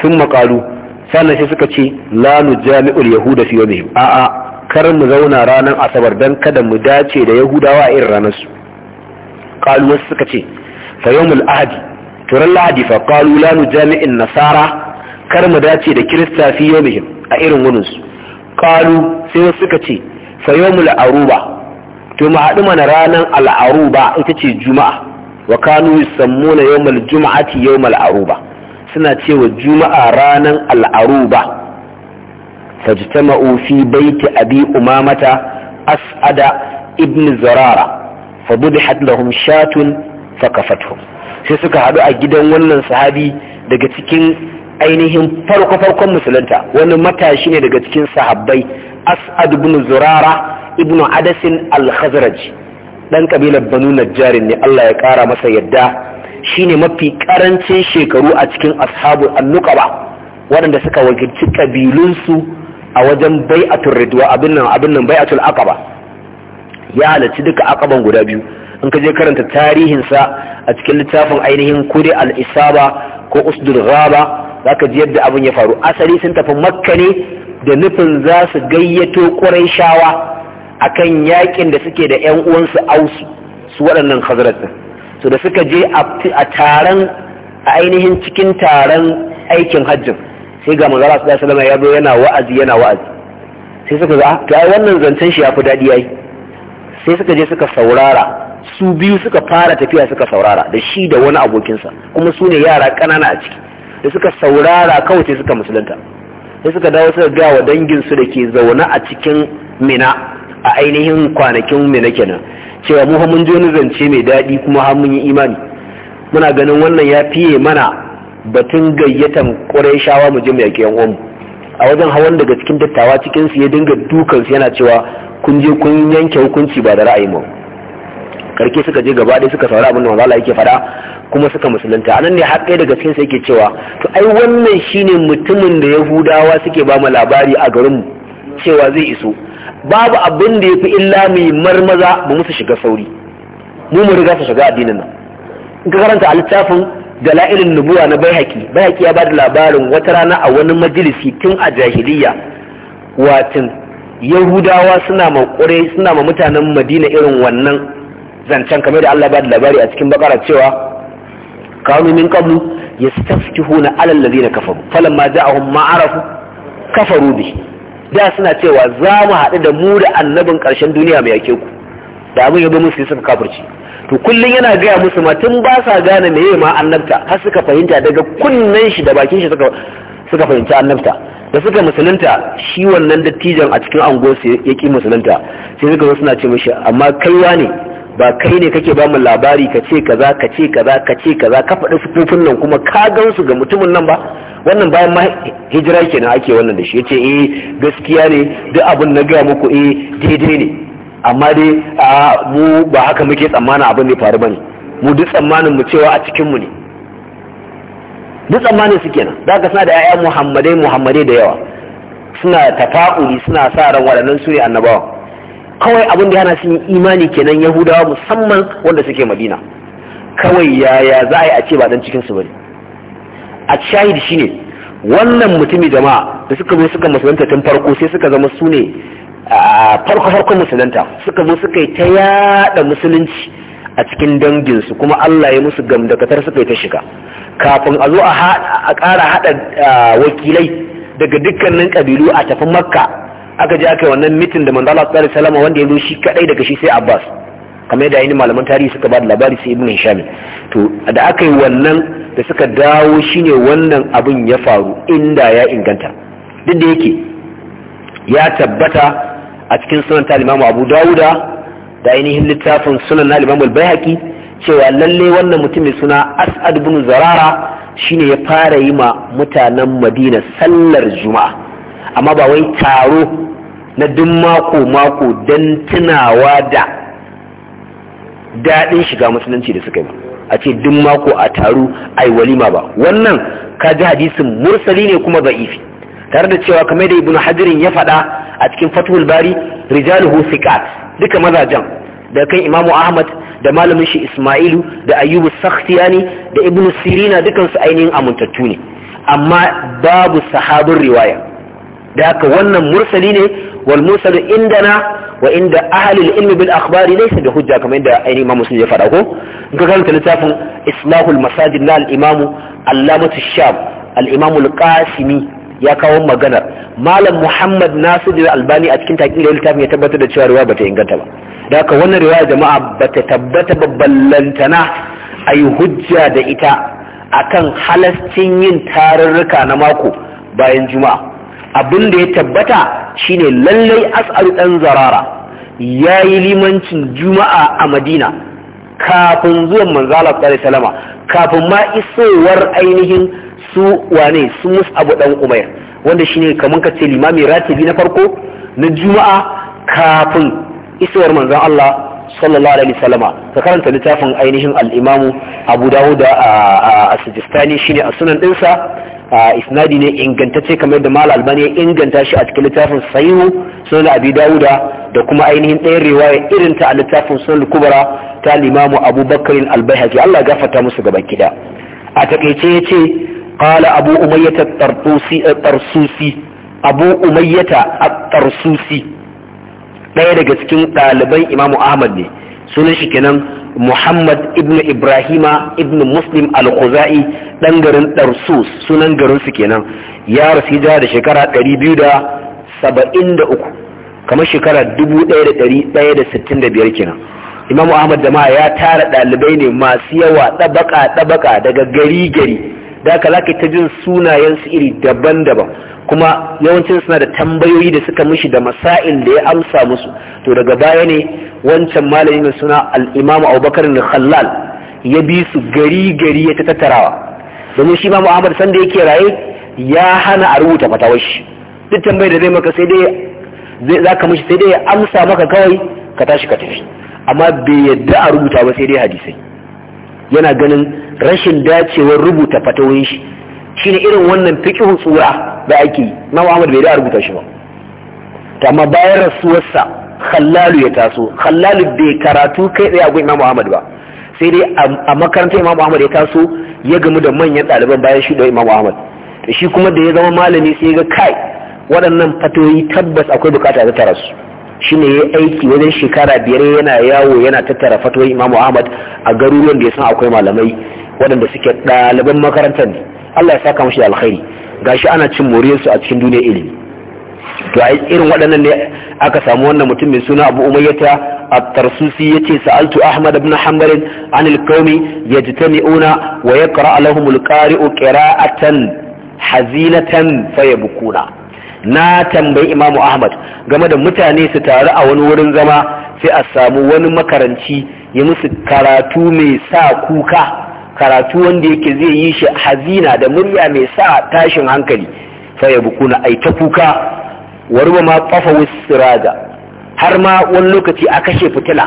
tun maqalu sannan sai suka ce la nujami'ul yahuda fi yawmihim a a kar mu zauna ranar asabar dan kada mu dace da yahudawa a irin ranar su qalu wasu suka ce fa yawmul ahadi to ran lahadi fa qalu la nujami'in nasara kar mu dace da kirista fi yawmihim a irin wunin su qalu sai suka ce fayomul aruba to mu haɗu mana ranar al'aruba ita ce juma'a wa kanu yusammuna yawmal juma'ati yawmal aruba suna cewa juma'a ranar al'aruba fajtama'u fi baiti abi umamata as'ada ibn zarara fa budihat lahum shatun fakafatuhum sai suka haɗu a gidan wannan sahabi daga cikin ainihin farko-farkon musulunta wani matashi ne daga cikin sahabbai as'ad ibn zurara ibn adasin al-khazraj dan kabilar banu najjarin ne Allah ya kara masa yadda shine mafi karancin shekaru a cikin ashabu an-nuqaba waɗanda suka wakilci kabilunsu a wajen bai'atul ridwa abin nan abin nan bai'atul aqaba ya halarci duka aqaban guda biyu in ka je karanta tarihinsa a cikin littafin ainihin kuri al-isaba ko usdul ghaba zaka ji yadda abin ya faru asali sun tafi makka ne da nufin za su gayyato ƙwarai shawa a kan yaƙin da suke da yan uwansu ausu su waɗannan khazraj su da suka je a taron a ainihin cikin taron aikin hajjin sai ga manzara su da ya zo yana wa'azi yana wa'azi sai suka za? Ah, to yi wannan zancen shi ya fi daɗi ya yi, sai suka je suka saurara su biyu suka fara tafiya suka saurara da shi da wani abokinsa kuma su ne yara ƙanana a ciki da suka saurara kawai sai suka musulunta sai suka dawo suka ga wa su da ke zaune a cikin mina a ainihin kwanakin mina kenan cewa mu mun ji wani zance mai daɗi kuma har mun yi imani muna ganin wannan ya fiye mana batun gayyatan ƙurayshawa mu je mu yaƙi yan uwanmu a wajen hawan daga cikin dattawa cikin su ya dinga dukansu yana cewa kun je kun yanke hukunci ba da ra'ayi mu karke suka je gaba ɗaya suka saurari abin da Allah yake faɗa kuma suka musulunta anan ne har da daga cikin yake cewa to ai wannan shine mutumin da Yahudawa suke ba mu labari a garinmu cewa zai iso babu abin da yafi illa mai marmaza mu musu shiga sauri mu mu riga su shiga addinin nan in ka karanta a littafin dala'ilin nubuwa na baihaki baihaki ya bada labarin wata rana a wani majalisi tun a jahiliya watin yahudawa suna ma suna ma mutanen madina irin wannan zancen kamar da Allah ba da labari a cikin bakara cewa kanu min qablu yastafkihuna alal ladina kafaru falamma ja'ahum ma arafu kafaru bi da suna cewa za mu haɗu da mu da annabin ƙarshen duniya mai yake ku da abin yabo musu suka kafirci to kullun yana gaya musu ma tun ba sa gane meye ma annabta har suka fahimta daga kunnen shi da bakin shi suka suka fahimci annabta da suka musulunta shi wannan dattijan a cikin anguwarsu ya ki musulunta sai suka zo suna ce mishi amma kaiwa ne ba kai ne kake ba mu labari ka ce kaza ka ce kaza ka ce kaza ka faɗi sufufin nan kuma ka gan su ga mutumin nan ba wannan bayan ma hijira kenan ake wannan da shi yace eh gaskiya ne duk abin na ga muku eh daidai ne amma dai a mu ba haka muke tsammanin abin ne faru bane mu duk tsammanin mu cewa a cikin mu ne duk tsammanin su kenan da ka suna da ƴaƴa muhammadai muhammadai da yawa suna tafa'uli suna sa ran waɗannan su ne annabawan kawai abin da yana sun yi imani kenan yahudawa musamman wanda suke madina kawai yaya za a yi a ce ba dan cikin su bane a shahidi shine wannan mutumi jama'a da suka zo suka musulunta tun farko sai suka zama su ne farko farkon musulunta suka zo suka yi ta yada musulunci a cikin danginsu kuma Allah ya musu gamdakatar suka yi ta shiga kafin a zo a kara haɗa wakilai daga dukkanin kabilu a tafi makka aka je aka yi wannan mitin da manzala sallallahu alaihi wanda ya zo shi kadai daga shi sai Abbas kamar da yayin malaman tarihi suka ba da labari sai Ibn Hisham to da aka yi wannan da suka dawo shine wannan abin ya faru inda ya inganta duk da yake ya tabbata a cikin sunan ta Abu Dawuda da ainihin littafin sunan na Imam Al-Baihaqi cewa lalle wannan mutum suna As'ad ibn Zarara shine ya fara yi ma mutanen Madina sallar Juma'a amma ba wai taro na duk mako-mako don tunawa da daɗin shiga musulunci da suka yi a ce duk mako a taru ai walima ba wannan ka ji hadisin mursali ne kuma za'ifi tare da cewa kamar da ibnu hajirin ya faɗa a cikin fatuhul bari Rijalu siqat duka mazajen da kan imamu ahmad da malamin shi ismailu da ayyubu sakhtiyani da ibnu sirina dukansu ainihin amintattu ne amma babu sahabin riwaya da haka wannan mursali ne wal mursalu indana wa inda ahlul ilmi bil akhbari laysa bi hujja kamar da ainihin imam sun ya fada ko in ka karanta littafin islahul masajid na al imam allamatu sham al imam al qasimi ya kawo magana malam muhammad nasir albani a cikin takin littafin ya tabbatar da cewa riwaya bata inganta ba da haka wannan riwaya jama'a bata tabbata ba ballantana ayi hujja da ita akan halascin yin tarurruka na mako bayan juma'a abin da ya tabbata shine lallai as'aru dan zarara yayi limancin juma'a a madina kafin zuwan manzala sallallahu alaihi kafin ma isowar ainihin su wane su abu dan umayr wanda shine kaman ka ce limami ratibi na farko na juma'a kafin isowar manzo Allah sallallahu alaihi wasallama ka karanta littafin ainihin al-imamu Abu Dawud a Sijistani shine a sunan dinsa a isnadi ne ingantacce kamar da mal albani ya inganta shi a cikin littafin sahihu sunan abi dauda da kuma ainihin ɗayan riwaya irin ta a littafin sunan kubra ta limamu abubakar al Allah ya gafarta musu gaba kida a takeice yace qala abu umayyah at eh, tarsusi abu umayyah at-tarsusi ɗaya daga cikin ɗaliban imamu ahmad ne sunan shi kenan muhammad ibn ibrahima ibn muslim al-khuzai dan garin darsus sunan garinsu kenan ya rasu hijira da shekara 273 kamar shekara 1165 kenan Imam ahmad da ma ya tara dalibai ne masu yawa ɗabaka ɗabaka daga gari gari da aka ta jin sunayen su iri daban-daban kuma yawancin suna da tambayoyi da suka mishi da masail da ya amsa musu to daga baya ne wancan malami mai suna al-imam abubakar da khallal ya bi su gari gari ya tattarawa domin shi ma muhammad sanda yake raye ya hana a rubuta fatawar shi duk tambayar da zai maka sai dai za ka mishi sai dai ya amsa maka kawai ka tashi ka tafi amma bai yadda a rubuta ba sai dai hadisai yana ganin rashin dacewar rubuta fatawar shi shi ne irin wannan fiƙihun tsura da ake yi na Ahmad bai da rubuta shi ba ta ma bayan rasuwarsa Khallalu ya taso Khallalu bai karatu kai tsaye a gurin Imam Ahmad ba sai dai a makarantar Imam Ahmad ya taso ya gamu da manyan ɗaliban bayan shi da Imam Ahmad da shi kuma da ya zama malami sai ga kai waɗannan fatoyi tabbas akwai bukata ta tara su ya yi aiki wajen shekara biyar yana yawo yana tattara fatoyi Imam Ahmad a garuruwan da ya san akwai malamai waɗanda suke ɗaliban makarantar ne Allah ya saka mashi alkhairi gashi ana cin su a cikin duniya ilimi to a irin waɗannan ne aka samu wannan mutum mai suna abu umayyata at-tarsusi yace sa'altu ahmad ibn hanbal an al-qawmi yajtami'una wa yaqra'u lahum al-qari'u qira'atan hazinatan fayabkuna na tambayi Imam ahmad game da mutane su taru a wani wurin zama sai a samu wani makaranci ya musu karatu mai sa kuka karatu wanda yake zai yi shi hazina da murya mai sa tashin hankali fa ya buku na aita kuka warba ma kafa wasiraga har ma wani lokaci a kashe fitila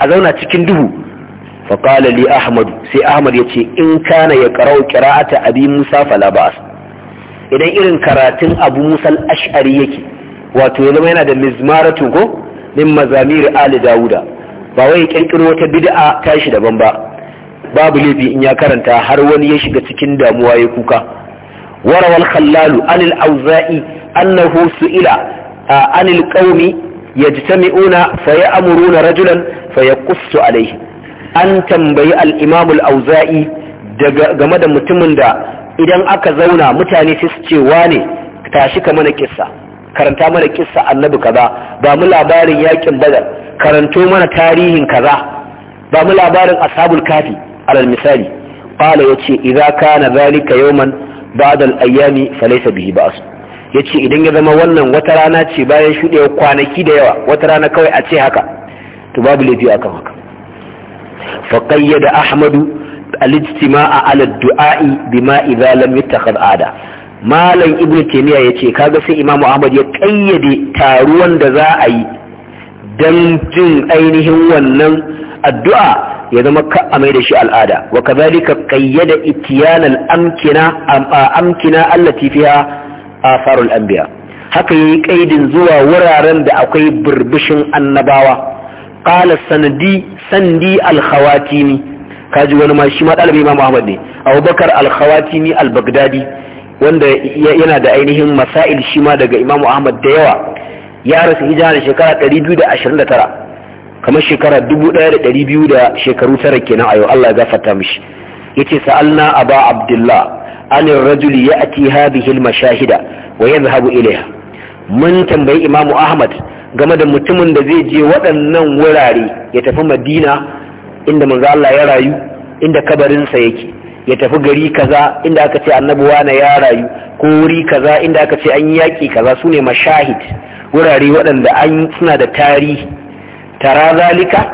a zauna cikin duhu fa Ahmadu li ahmad sai ahmad ce in kana ya karau qira'ata abi musa fala idan irin karatun abu musa al-ash'ari yake wato ya zama yana da mizmaratu ko min mazamir ali Dawuda. ba wai kirkiro wata bid'a tashi daban ba babu laifi in ya karanta har wani ya shiga cikin damuwa ya kuka warawal khallalu anil auza'i annahu su'ila anil qaumi yajtami'una fayamuruna rajulan fayaqussu alayhi an tambayi al-imam al-auza'i game da mutumin da idan aka zauna mutane su ce wane tashi ka mana kissa karanta mana kissa annabi kaza ba mu labarin yakin badar karanto mana tarihin kaza ba mu labarin ashabul kafi alal misali qala yace idza kana zalika yawman ba'da al-ayami falaysa bihi ba'as yace idan ya zama wannan wata rana ce bayan shudewa kwanaki da yawa wata rana kawai a ce haka to babu laifi akan haka fa qayyada ahmadu al-ijtima'a ala ad-du'a'i bima idza lam yattakhadh ada malam ibnu taymiya yace kaga sai imamu ahmad ya kayyade taruwan da za a yi dan jin ainihin wannan addu'a ya zama ka a mai da shi al'ada wa kazalika qayyada ittiyan al-amkina amkina allati fiha asarul anbiya haka yayi kaidin zuwa wuraren da akwai burbushin annabawa qala sanadi sandi al-khawatimi kaji wani ma shi ma dalibi imam Ahmad ne Abubakar al-khawatimi al-baghdadi wanda yana da ainihin masail shi ma daga imam Ahmad da yawa ya rasu hijira shekara 229 kamar shekara dubu ɗaya da ɗari biyu da shekaru tara kenan a yau Allah ya gafarta mishi yace sa'alna aba abdullah an ya ya'ti hadhihi al-mashahida wa yadhhabu ilayha mun tambayi imamu ahmad game da mutumin da zai je waɗannan wurare ya tafi madina inda manzo Allah ya rayu inda kabarinsa yake ya tafi gari kaza inda aka ce annabi ya rayu ko wuri kaza inda aka ce an yaki kaza sune mashahid wurare waɗanda an suna da tarihi tara zalika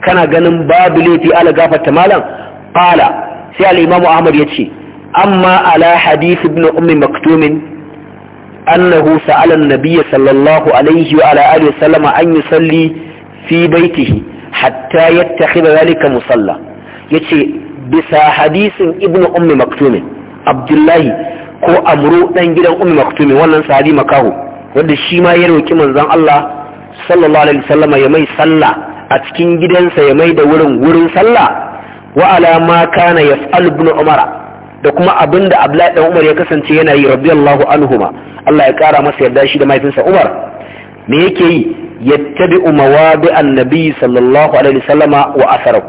kana ganin babu laifi ala gafarta malam qala sai al-imamu ahmad yace amma ala hadith ibn ummi maktumin annahu sa'ala an-nabiy sallallahu alaihi wa ala alihi sallama an yusalli fi baitihi hatta yattakhidha zalika musalla yace bisa hadisin ibn ummi maktumin abdullahi ko amru dan gidan ummi maktumin wannan sahabi makahu wanda shi ma ya roki manzon Allah sallallahu alaihi wasallam ya mai sallah a cikin gidansa ya mai da wurin wurin sallah wa ala ma kana yaf'al ibn umar da kuma abinda abdullahi dan umar ya kasance yana yi radiyallahu anhuma Allah ya kara masa yarda shi da mahaifinsa umar me yake yi yattabi'u mawadi annabi sallallahu alaihi wasallama wa asarahu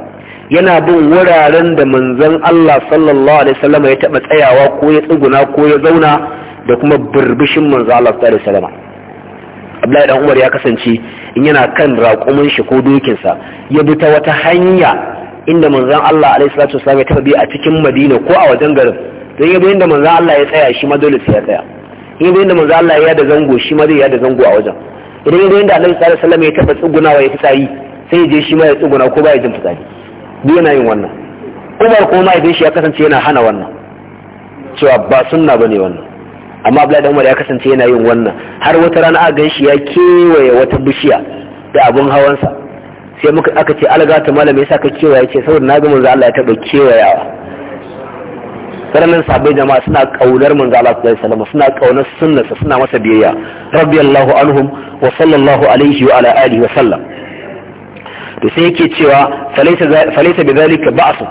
yana bin wuraren da manzon Allah sallallahu alaihi wasallama ya taba tsayawa ko ya tsuguna ko ya zauna da kuma burbushin manzon Allah sallallahu alaihi wasallama abdullahi dan umar ya kasance in yana kan raƙumin shi ko dokinsa ya bi ta wata hanya inda manzon Allah alaihi salatu wasallam ya taɓa bi a cikin Madina ko a wajen garin don ya bi inda manzon Allah ya tsaya shi ma dole sai ya tsaya in bi inda manzon Allah ya da zango shi ma zai ya da zango a wajen idan ya bi inda Annabi sallallahu alaihi wasallam ya taɓa wa ya fitsari sai ya je shi ma ya tsuguna ko ba ya jin fitsari duk yana yin wannan Umar ko ma ya shi ya kasance yana hana wannan cewa ba sunna bane wannan amma abdullahi dan umar ya kasance yana yin wannan har wata rana a ganshi ya kewaye wata bishiya da abun hawansa sai muka aka ce alga ta malam yasa ka kewaye ce saboda na ga manzo Allah ya taba kewayawa sararin sabai jama'a suna kaunar manzo Allah sallallahu alaihi suna kaunar sunnarsa suna masa biyayya radiyallahu anhum wa sallallahu alaihi wa ala alihi wa sallam to sai yake cewa falaita falaita bidhalika ba'su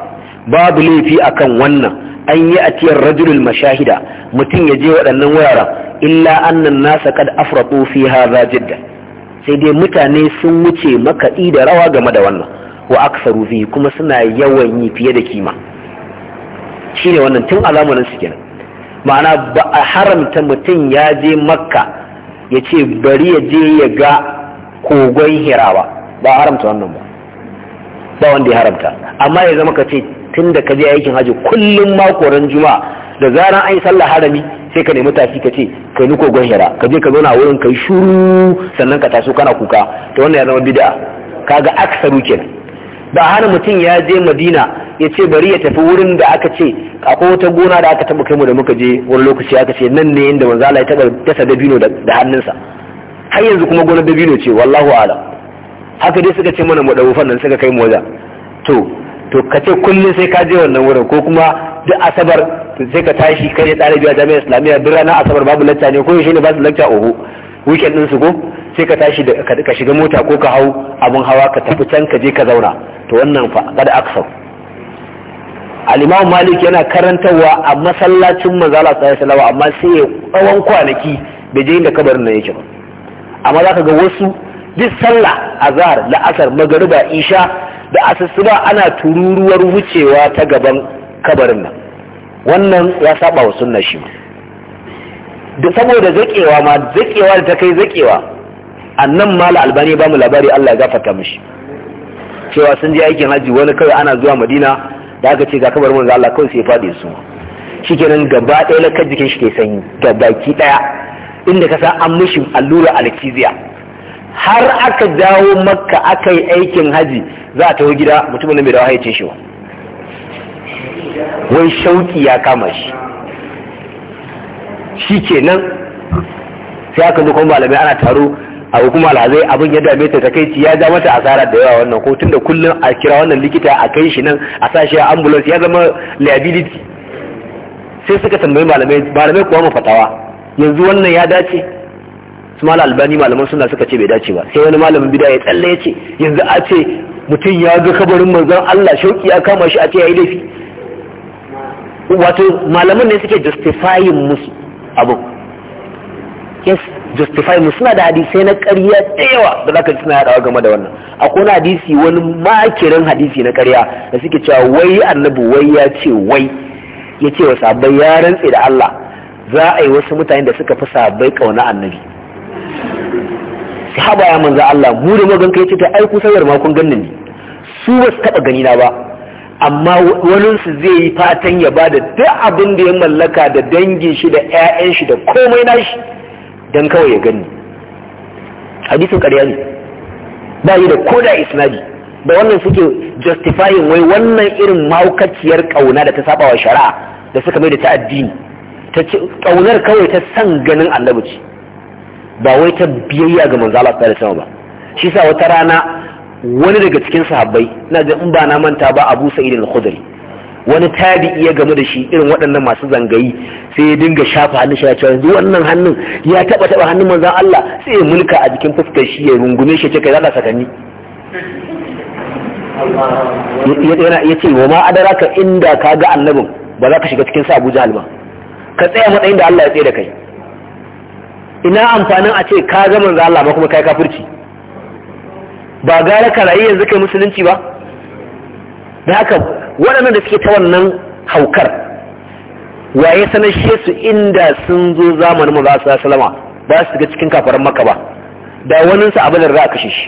babu laifi akan wannan an yi a tiyar rajulul mashahida mutum ya je waɗannan wuraren illa annan nasa kad afraqu fi hadha jidda sai dai mutane sun wuce makaɗi da rawa game da wannan wa aksaru fi kuma suna yawan yi fiye da kima shine wannan tun alamarin su kenan ma'ana ba haramta mutum ya je makka ya ce bari ya je ya ga kogon hira ba ba haramta wannan ba ba wanda ya haramta amma ya zama ka ce tun da ka je aikin hajji kullum mako ran juma'a da zaran an sallah harami sai ka nemi tafi ka ce kai ni kogon hira ka je ka zauna wurin kai shuru sannan ka taso kana kuka to wannan ya zama bid'a kaga aksaru kenan ba hana mutum ya je madina ya ce bari ya tafi wurin da aka ce akwai wata gona da aka taba kai mu da muka je wani lokaci aka ce nan ne inda manzo Allah ya taba dasa dabino da hannunsa har yanzu kuma gonar dabino ce wallahu a'lam haka dai suka ce mana mu dawo fannin suka kai mu wajen to to ka ce kullum sai ka je wannan wurin ko kuma duk asabar sai ka tashi kai da ɗalibi a jami'ar islamiyya duk ranar asabar babu lacca ne ko yaushe ne ba su lacca oho weekend din su ko sai ka tashi ka shiga mota ko ka hau abin hawa ka tafi can ka je ka zauna to wannan fa kada aksau al-imam malik yana karantarwa a masallacin manzala sallallahu alaihi amma sai ya tsawon kwanaki bai je inda kabarin nan yake ba amma zaka ga wasu duk sallah azhar la'asar magariba isha da asusuba ana tururuwar wucewa ta gaban kabarin nan wannan ya saba wa sunna shi ma da saboda zakewa ma zakewa da ta kai zakewa annan mala albani ba mu labari Allah ya gafarta mishi cewa sun je aikin haji wani kawai ana zuwa madina da aka ce ga kabarin manzo Allah kawai sai fadi su shikenan gaba ɗaya lakar jikin shi ke sanyi ga baki ɗaya inda ka sa an mishi allura alkiziya har aka dawo makka aka yi aikin haji za a taho gida mutumin mai dawo haice shi wai shauki ya kama shi shi ke nan sai aka zo kuma malamai ana taro a hukuma alhazai abin ya mai ta takaici ya ja mata asara da yawa wannan ko tun da kullum a kira wannan likita a kai shi nan a sa shi a ambulance ya zama liability sai suka tambayi malamai kuwa mafatawa yanzu wannan ya dace su mal albani malaman suna suka ce bai dace ba sai wani malamin bida ya tsalle ya ce yanzu a ce mutum ya ga kabarin manzon Allah shauki ya kama shi a ce ya yi laifi wato malaman ne suke justifying musu abu yes justify musu suna da hadisi na ƙarya da za da zaka ji suna yaɗawa game da wannan akwai hadisi wani makirin hadisi na ƙarya da suke cewa wai annabi wai ya ce wai ya ce wa sabai ya rantse da Allah za a yi wasu mutane da suka fi sabai kauna annabi sahaba ya manzo Allah mu da mu ganka yace ta ai ku sayar ma kun ne su ba su taba gani na ba amma wani su zai yi fatan ya bada duk abin da ya mallaka da dangin shi da ƴaƴan shi da komai nashi dan kawai ya gani hadisin ƙarya ne ba yi da koda isnadi da wannan suke justifying wai wannan irin maukaciyar kauna da ta saba wa shari'a da suka mai da ta addini ta kaunar kawai ta san ganin annabi ce ba wai ta biyayya ga manzo Allah sallallahu alaihi wasallam ba shi sa wata rana wani daga cikin sahabbai na ga in ba na manta ba Abu Sa'id al-Khudri wani tabi iya game da shi irin waɗannan masu zangayi sai ya dinga shafa hannun shi ya ce yanzu wannan hannun ya taba taba hannun manzan Allah sai ya mulka a jikin fuskar shi ya rungume shi ya ce kai zaka sakani ya ce wa ma adaraka inda ka ga annabin ba za ka shiga cikin sa Abu Jahl ba ka tsaya matsayin da Allah ya tsaye da kai ina amfanin a ce ka ga za Allah ba kuma kai kafirci ba gara ka rayu yanzu kai musulunci ba da haka waɗannan da suke ta wannan haukar waye sanar su inda sun zo zamanin su Allah salama, ba su ga cikin kafaran maka ba da wani sa abin da za a kashe shi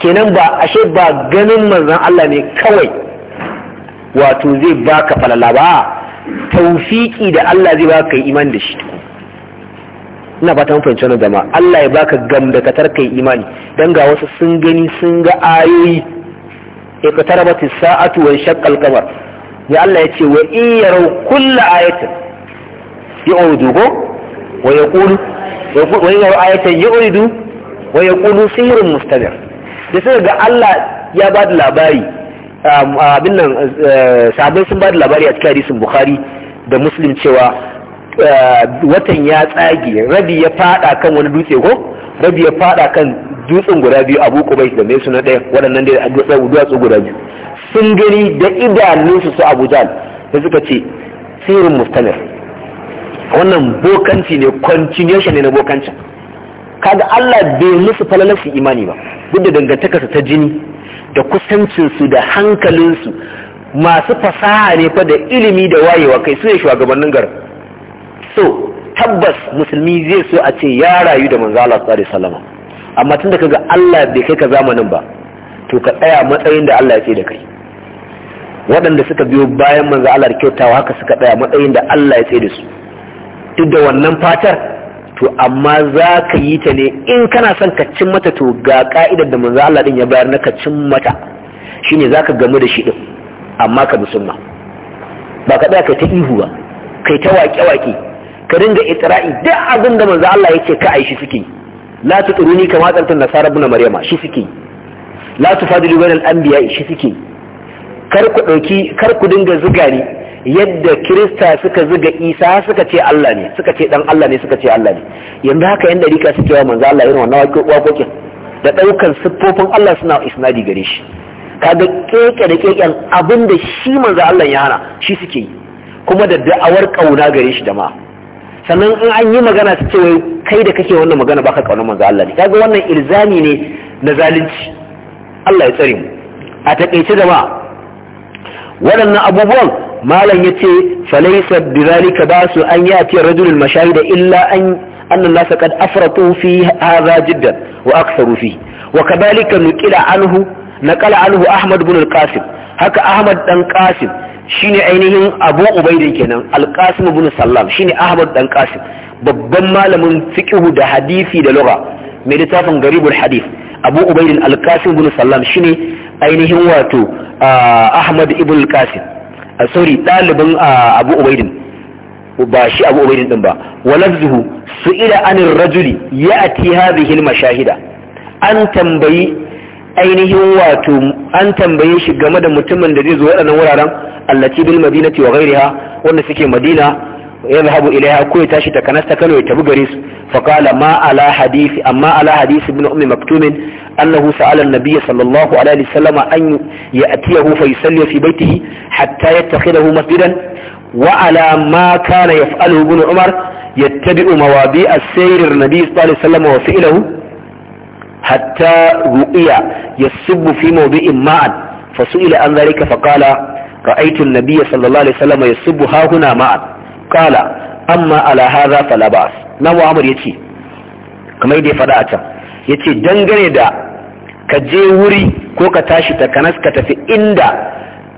kenan ba ashe ba ganin manzon Allah ne kawai wato zai baka falala ba taufiki da Allah zai baka imani da shi ina ba mun fahimci wannan jama'a Allah ya baka katar kai imani dan ga wasu sun gani sun ga ayoyi iqtarabatis sa'atu wa shakkal kamar ya Allah ya ce wa in yaraw kullu ayatin yu'ridu wa yaqulu wa in yaraw ayatan yu'ridu wa kulu sihirin mustamir da sai ga Allah ya ba da labari um, abin nan eh, sahabbai sun ba da labari a cikin hadisin Bukhari da Muslim cewa Eh, watan ya tsage rabi ya fada kan wani dutse ko rabi ya fada kan dutsen guda biyu abu kubai da mai suna ɗaya waɗannan da duwatsu guda biyu sun gani da idanunsu su abu jal da suka ce sirrin mustamir wannan bokanci ne continuation ne na bokanci kaga Allah bai musu falalar su imani ba duk da dangantakarsu ta jini da kusancinsu da hankalinsu masu fasaha ne fa da ilimi da wayewa kai su ne shugabannin garin so tabbas musulmi zai so a ce ya rayu da manzo Allah sallallahu alaihi wasallam amma tunda kaga Allah bai kai ka zamanin ba to ka tsaya matsayin da Allah ya ce da kai waɗanda suka biyo bayan manzo Allah da kyautawa haka suka tsaya matsayin da Allah ya tsaye da su duk da wannan fatar to amma za ka yi ta ne in kana son ka cin mata to ga ka'idar da manzo Allah din ya bayar na ka cin mata shine zaka gamu da shi din amma ka bi sunna ba ka tsaya kai ta ihu ba kai ta waƙe-waƙe ka dinga itira'i duk abin da manzo Allah yake ka aishi suke la tuturuni kama tsantan nasara ibn maryama shi suke la tufadilu bainal anbiya shi suke kar ku dauki kar ku dinga zuga ni yadda kirista suka zuga isa suka ce Allah ne suka ce dan Allah ne suka ce Allah ne yanzu haka yan dariƙa suke wa manzo Allah irin wannan waƙoƙin da ɗaukan siffofin Allah suna isnadi gare shi kaga keke da keken abinda shi manzo Allah ya hana shi suke kuma da da'awar kauna gare shi da ma sannan in an yi magana ta ce wai kai da kake wannan magana baka kaunar manzo Allah ne kaga wannan ilzami ne na zalunci Allah ya tsare mu a takeice jama'a waɗannan abubuwan malam yace falaysa bidhalika basu an yati mashayi mashahida illa an أن الناس قد أفرطوا wa هذا جدا وأكثروا فيه وكذلك نقل عنه نقل عنه أحمد بن القاسم هكا أحمد بن shine ainihin abu ubaidin kenan alqasim ibn sallam shine ahmad dan qasim babban malamin fiqhu da hadisi da lugha mai littafin garibul hadith abu ubaidin alqasim ibn sallam shine ainihin wato ahmad ibn qasim sorry dalibin abu ubaidin ba shi abu ubaidin din ba su ida anin rajuli ati hadhihi al mashahida an tambayi ainihin wato an tambaye shi game da mutumin da zai zo waɗannan wuraren allati bil madinati wa ghairiha wanda suke madina yadhhabu ilaiha ko ya tashi ta kanas Kano ya tafi gare su fa qala ma ala hadisi amma ala hadisi ibn ummi maktum annahu sa'ala an-nabiy sallallahu alaihi wasallam an ya'tiyahu fa yusalli fi baytihi hatta yattakhidahu masjidan wa ala ma kana yaf'aluhu ibn umar yattabi'u mawabi' as-sayr an-nabiy sallallahu alaihi wasallam wa fi'luhu hatta ru'iya yasubbu fi mawdi'in ma'an fasu'ila an dhalika faqala رأيت النبي صلى الله عليه وسلم يسب ها هنا معا قال أما على هذا فلا بأس نو عمر يتي كما يدي فداعتا يتي دنگني دا كجي وري ko ka tashi ta kanas ka tafi inda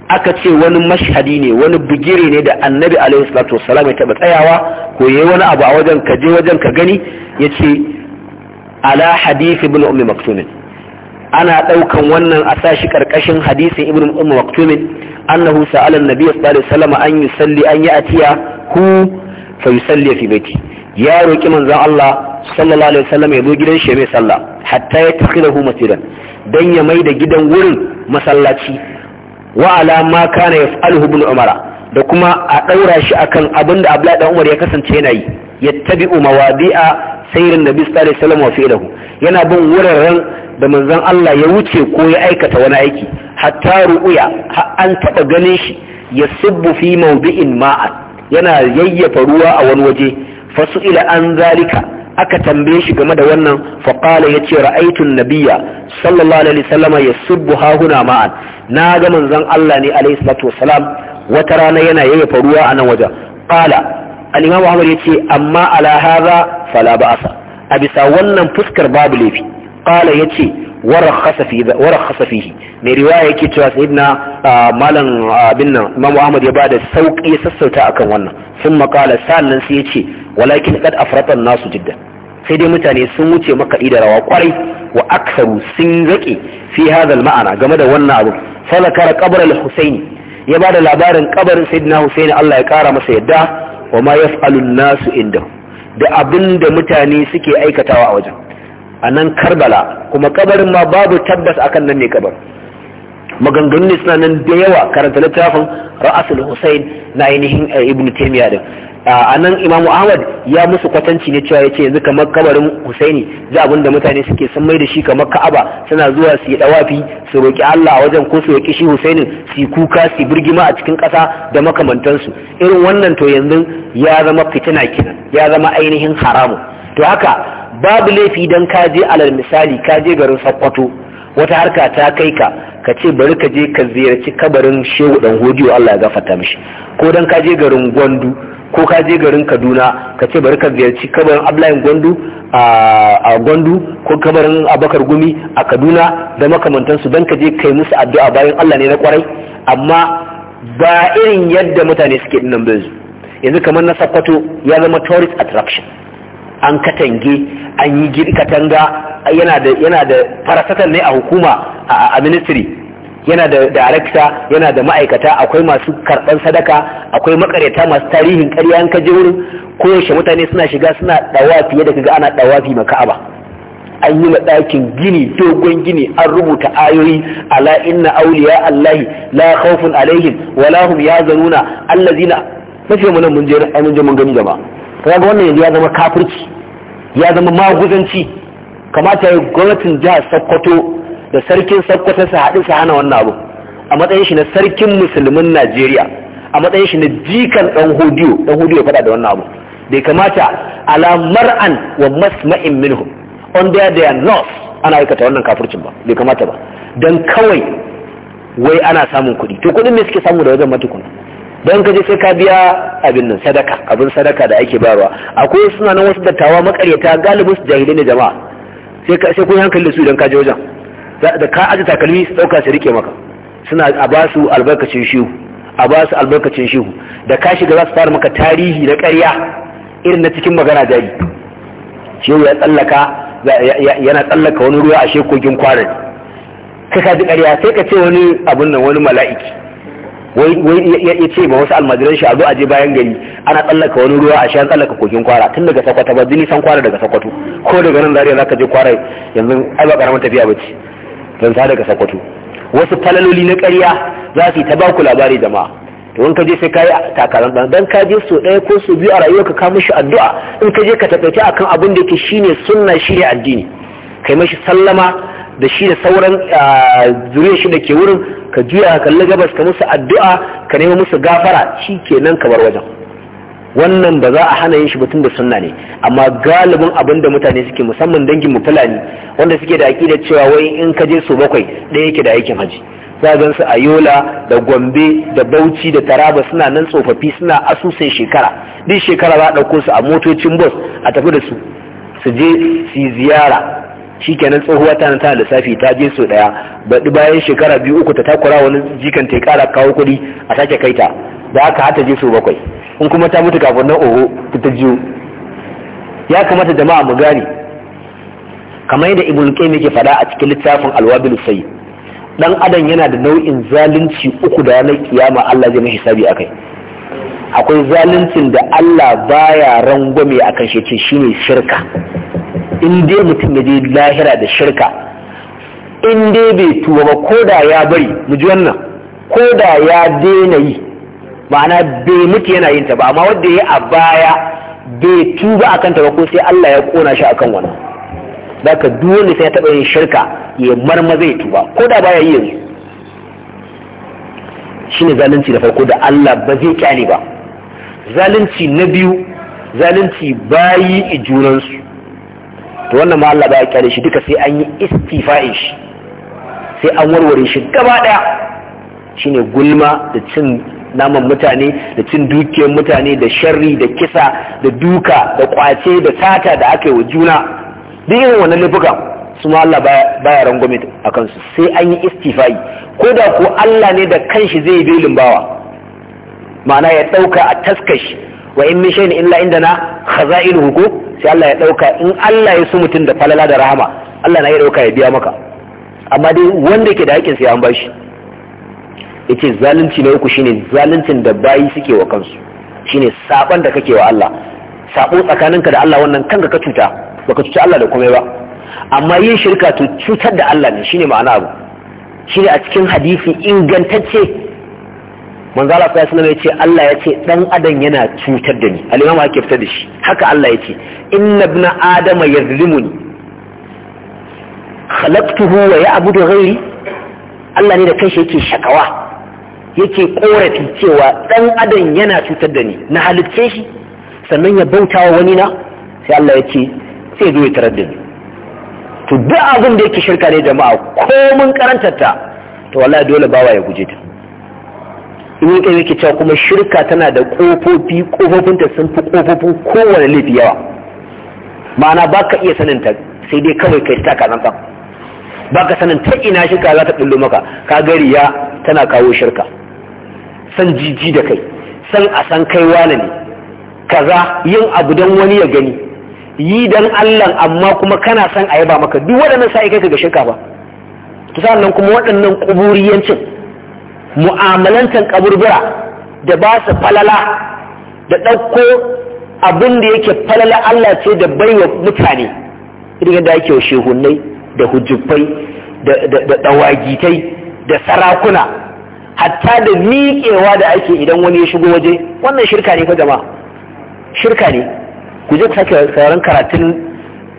aka ce wani mashhadi ne wani bigire ne da annabi alaihi salatu ya taba tsayawa ko yayi wani abu a wajen ka je wajen ka gani yace ala hadith ibn ummi maktum ana daukan wannan a sashi karkashin hadisin ibn ummi maktum annahu sa'ala an-nabiy sallallahu alaihi wasallam an yusalli an ya'tiya hu fa yusalli fi baiti ya roki manzon Allah sallallahu alaihi wasallam ya zo gidan shi mai sallah hatta ya takhidahu masjidan dan ya da gidan wurin masallaci wa ala ma kana yaf'aluhu ibn umara da kuma a daura shi akan abinda Abdullahi dan Umar ya kasance yana yi yattabi'u mawadi'a sayrin nabi sallallahu alaihi wasallam wa fi'luhu yana bin wuraren da manzon Allah ya wuce ko ya aikata wani aiki hatta ru'ya an taba ganin shi yasubbu fi mawdi'in ma'a yana yayyafa ruwa a wani waje fasu'ila an zalika aka tambaye shi game da wannan fa ya ce ra'aitun nabiya sallallahu alaihi sallama ya subbu hahuna ma'an na ga manzon Allah ne alaihi salatu wasalam wata rana yana yayyafa ruwa a nan wajen ƙala al-imam ya ce amma ala za fala ba'sa a bisa wannan fuskar babu laifi qala yace ce warar warakhasa mai riwaya yake cewa sayyidina ah, malam ah, bin nan imam Ahmad ya bada sauki ya sassauta akan wannan sun makala sannan sai yace walakin kad afrata nasu jidda sai dai mutane sun wuce makaɗi da rawa kwarai wa aksaru sun zaƙe fi hadal ma'ana game da wannan abu falakar kabar al-husaini ya ba da labarin kabarin sayyidina husaini Allah ya ƙara masa yadda wa ma yaf'alu nasu inda da abin da mutane suke aikatawa a wajen a nan karbala kuma kabarin ma babu tabbas akan nan ne kabar maganganu ne suna nan da yawa karanta littafin ra'asul husain na ainihin eh, ibnu taymiya din a nan imamu ahmad ya musu kwatanci ne cewa yace yanzu kamar kabarin husaini da abin da mutane suke san mai da shi kamar ka'aba suna zuwa su yi dawafi su roki allah a wajen ko su roki shi husaini su kuka su birgima a cikin kasa da makamantansu irin wannan to yanzu ya zama fitina kenan ya zama ainihin haramu to haka babu laifi dan kaje alal misali ka garin sakkwato wata harka ta kai ka ka ce bari ka je ka ziyarci kabarin shehu dan hodiyo Allah ya gafarta mishi ko dan ka je garin gwandu ko ka je garin kaduna ka ce bari ka ziyarci kabarin Abdullahi gwandu a gwandu ko kabarin abakar gumi a kaduna da makamantansu don ka je kai musu addu'a bayan allah ne na kwarai amma ba irin yadda mutane suke dinnan yanzu yanzu kamar na sakkwato ya zama tourist attraction an katange an yi katanga yana da yana da farasatan ne a hukuma a ministry yana da darakta yana da ma'aikata akwai masu karɓar sadaka akwai makareta masu tarihin ƙarya an kaje wurin koyaushe mutane suna shiga suna ɗawa fiye da kaga ana ɗawa fi ka'aba. an yi ɗakin gini dogon gini an rubuta ayoyi ala inna auliya allahi la khawfun alaihim wala hum yazanuna allazina mafi mun je mun je mun gani jama'a kaga wannan yanzu ya zama kafirci ya zama maguzanci kamata ya gwamnatin jihar sokoto da sarkin sokoto su haɗu su hana wannan abu a matsayin shi na sarkin musulmin najeriya a matsayin shi na jikan ɗan hodiyo ɗan hodiyo faɗa da wannan abu bai kamata alamar an wa masma'in minhum on their their north ana aikata wannan kafircin ba bai kamata ba don kawai wai ana samun kuɗi to kuɗin ne suke samu da wajen matukuna don ka je sai ka biya abin nan sadaka abin sadaka da ake bayarwa akwai suna nan wasu dattawa makaryata galibin su jahilai ne jama'a sai kun hankali da su idan ka je wajen da ka aje takalmi su dauka su rike maka suna a ba su albarkacin shihu a ba su albarkacin shihu da ka shiga za su fara maka tarihi na ƙarya irin na cikin magana jari shehu ya tsallaka yana tsallaka wani ruwa a shekogin kwanan kai ka ji ƙarya sai ka ce wani abun nan wani mala'iki wai ya ce ba wasu almajiran shi a zo a je bayan gari ana tsallaka wani ruwa a sha tsallaka kogin kwara tun daga sakwata ba jini san kwara daga sakwato ko daga nan zariya zaka je kwara yanzu ai ba karamar tafiya ba ce zan sa daga sakwato wasu falaloli na ƙarya za su yi ta baku labari jama'a to in ka je sai kai takalan dan dan ka je so ɗaya ko so biyu a rayuwarka ka mishi addu'a in ka je ka taƙaice akan abin da yake shine sunna shine addini kai mashi sallama da shi da sauran zuriyar shi da ke wurin ka juya ka kalli gabas ka musu addu'a ka nemi musu gafara shi kenan ka bar wajen wannan ba za a hana yin shi mutum da sunna ne amma galibin abin da mutane suke musamman dangin mu fulani wanda suke da aƙidar cewa wai in ka je su bakwai ɗaya yake da aikin haji za a su a yola da gombe da bauchi da taraba suna nan tsofaffi suna asusun shekara duk shekara za a ɗauko su a motocin bus a tafi da su su je su yi ziyara shikenan tsohuwa ta nan ta lissafi ta je so daya baɗi bayan shekara biyu uku ta takura wani jikan ta kara kawo kuɗi a sake kaita da haka hata je so bakwai in kuma ta mutu kafin nan oho ta ta jiyo ya kamata jama'a mu gane kamar yadda ibn qayyim yake faɗa a cikin littafin alwabil sai dan adam yana da nau'in zalunci uku da ranar kiyama Allah zai mai hisabi akai akwai zaluncin da Allah baya rangwame a kan shi ne shirka in dai mutum ya je lahira da shirka in dai bai tuwa ba ko da ya bari mu ji wannan ko da ya daina yi ma'ana bai mutu yana yin ta ba amma wanda ya a baya bai tuba akan ta ba ko sai Allah ya kona shi akan wannan zaka duk wanda sai ya taba yin shirka ya marma zai tuba ko da baya yi yanzu shine zalunci da farko da Allah ba zai kyale ba zalunci na biyu zalunci bayi i junansu to wannan ma Allah ya kyale shi duka sai an yi istifa'in shi sai an warware shi gaba daya shine gulma da cin naman mutane da cin dukiyar mutane da sharri da kisa da duka da kwace da sata da aka yi wa juna duk irin wannan lafuka su ma Allah baya rangwame a kansu sai an yi istifa'i ko da ko Allah ne da kanshi zai yi belin bawa ma'ana ya ɗauka a taskashi wa in min shay'in illa indana khaza'inuhu hukum sai Allah ya ɗauka in Allah ya su mutum da falala da rahama Allah na ya ɗauka ya biya maka amma dai wanda ke da haƙƙin sai an bashi yace zalunci na uku shine zaluncin da bayi suke wa kansu shine saban da kake wa Allah sabo tsakaninka da Allah wannan kanka ka cuta baka cuci Allah da komai ba amma yin shirka to cutar da Allah ne shine ma'ana abu shine a cikin hadisi ingantacce manzo Allah ya sanar yace Allah yace dan adam yana cutar da ni al-imam ake da shi haka Allah yace inna ibna adama yazlimuni khalaqtuhu wa ya'budu ghairi Allah ne da kanshi yake shakawa yake korafi cewa dan adam yana cutar da ni na halicce shi sannan ya wa wani na sai Allah yace sai zo ya tarar da ni to duk abin da yake shirka ne jama'a ko mun karantar ta to wallahi dole bawa ya guje ta in qayyim yake cewa kuma shirka tana da kofofi ta sun fi kofofin kowane laifi yawa ma'ana baka iya sanin ta sai dai kawai kai ta kazan ka baka sanin ta ina shirka za ta bullo maka ka gari ya tana kawo shirka san jiji da kai san a san kai wane ne kaza yin abu don wani ya gani yi dan Allah amma kuma kana san a yaba maka duk waɗannan sai kai ka ga shirka ba to nan kuma waɗannan kuburiyancin mu'amalantar kaburbura da ba su falala da ɗauko abin da yake falala Allah ce da baiwa mutane irin da yake shehunai da hujjufai da ɗawagitai da sarakuna hatta da miƙewa da ake idan wani ya shigo waje wannan shirka ne fa jama'a shirka ne ku je ku sake sauran karatun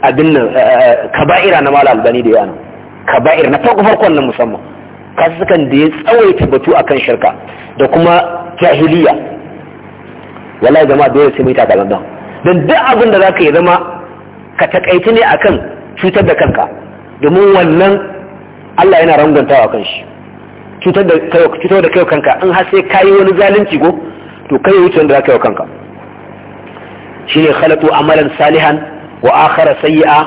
abin nan eh, eh, kaba'ira na malam albani da yana kaba'ir na farko farkon nan musamman kasukan da ya tsawaita batu akan shirka da kuma jahiliya wallahi zama dole sai mu yi ta don duk abin da zaka yi zama ka takaiti ne akan cutar da kanka domin wannan Allah yana rangantawa kan shi cutar da kai kanka in har sai yi wani zalunci ko, to kai wuce wanda za ka yi wa kanka Shi ne khalatu amalan salihan wa akhara sayi'a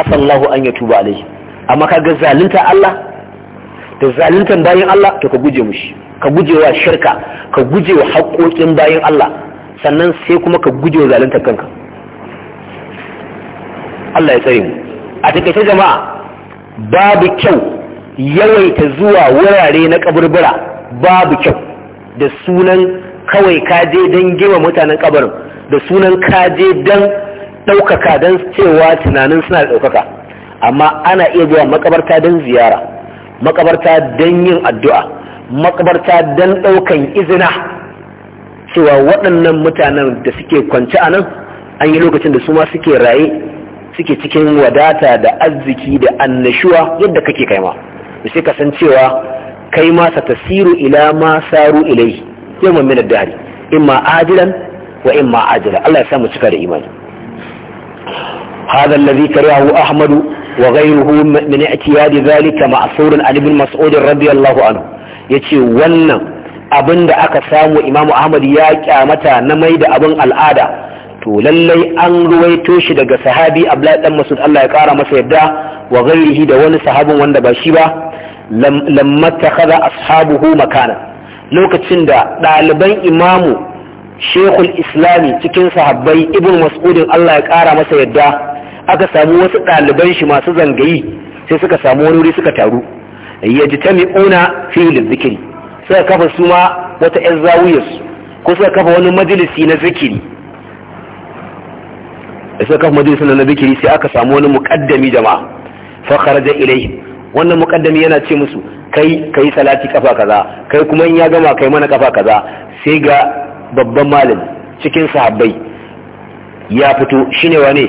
asallahu an yatuba alayhi amma ka ga zalunta Allah da zaluntar bayan Allah to ka guje mushi ka guje wa shirka ka guje wa haƙoƙin bayan Allah sannan sai kuma ka guje wa zalintan kanka Allah ya tsare mu a takaice jama'a babu kyau yawaita zuwa wurare na kaburbura babu kyau da sunan kawai kaje don gewa mutanen kabarin da sunan kaje don ɗaukaka don cewa tunanin suna da ɗaukaka amma ana iya zuwa makabarta don ziyara makabarta don yin addu'a makabarta don ɗaukan izina cewa waɗannan mutanen da suke kwance a nan an yi lokacin da su ma suke raye suke cikin wadata da arziki da annashuwa yadda kake kaima da sai kasan cewa kai masa tasiru ila ma saru ilai yau mamminar ad-dahr imma ajilan wa in ajila Allah ya samu cika da imani هذا الذي كرهه أحمد وغيره من اعتياد ذلك معصور عن ابن مسعود رضي الله عنه يتي ون abin da aka samu imam ahmad ya kyamata na mai da abin al'ada to lallai an ruwaito shi daga sahabi abdullahi dan masud Allah ya kara masa yadda wa ghairihi da wani sahabin wanda ba shi ba lamma takhadha ashabuhu makana lokacin da ɗaliban imamu shekul islami cikin sahabbai ibn mas'udin Allah ya kara masa yadda aka samu wasu ɗaliban shi masu zangayi sai suka samu wani wuri suka taru ya ji una filin zikiri suka kafa su ma wata 'yan zawuyarsu ko suka kafa wani majalisi na zikiri suka kafa majalisi na zikiri sai aka samu wani muƙaddami jama'a fakar da ilai wannan mukaddami yana ce musu kai kai salati kafa kaza kai kuma in ya gama kai mana kafa kaza sai ga babban malami cikin sahabbai ya fito shine wane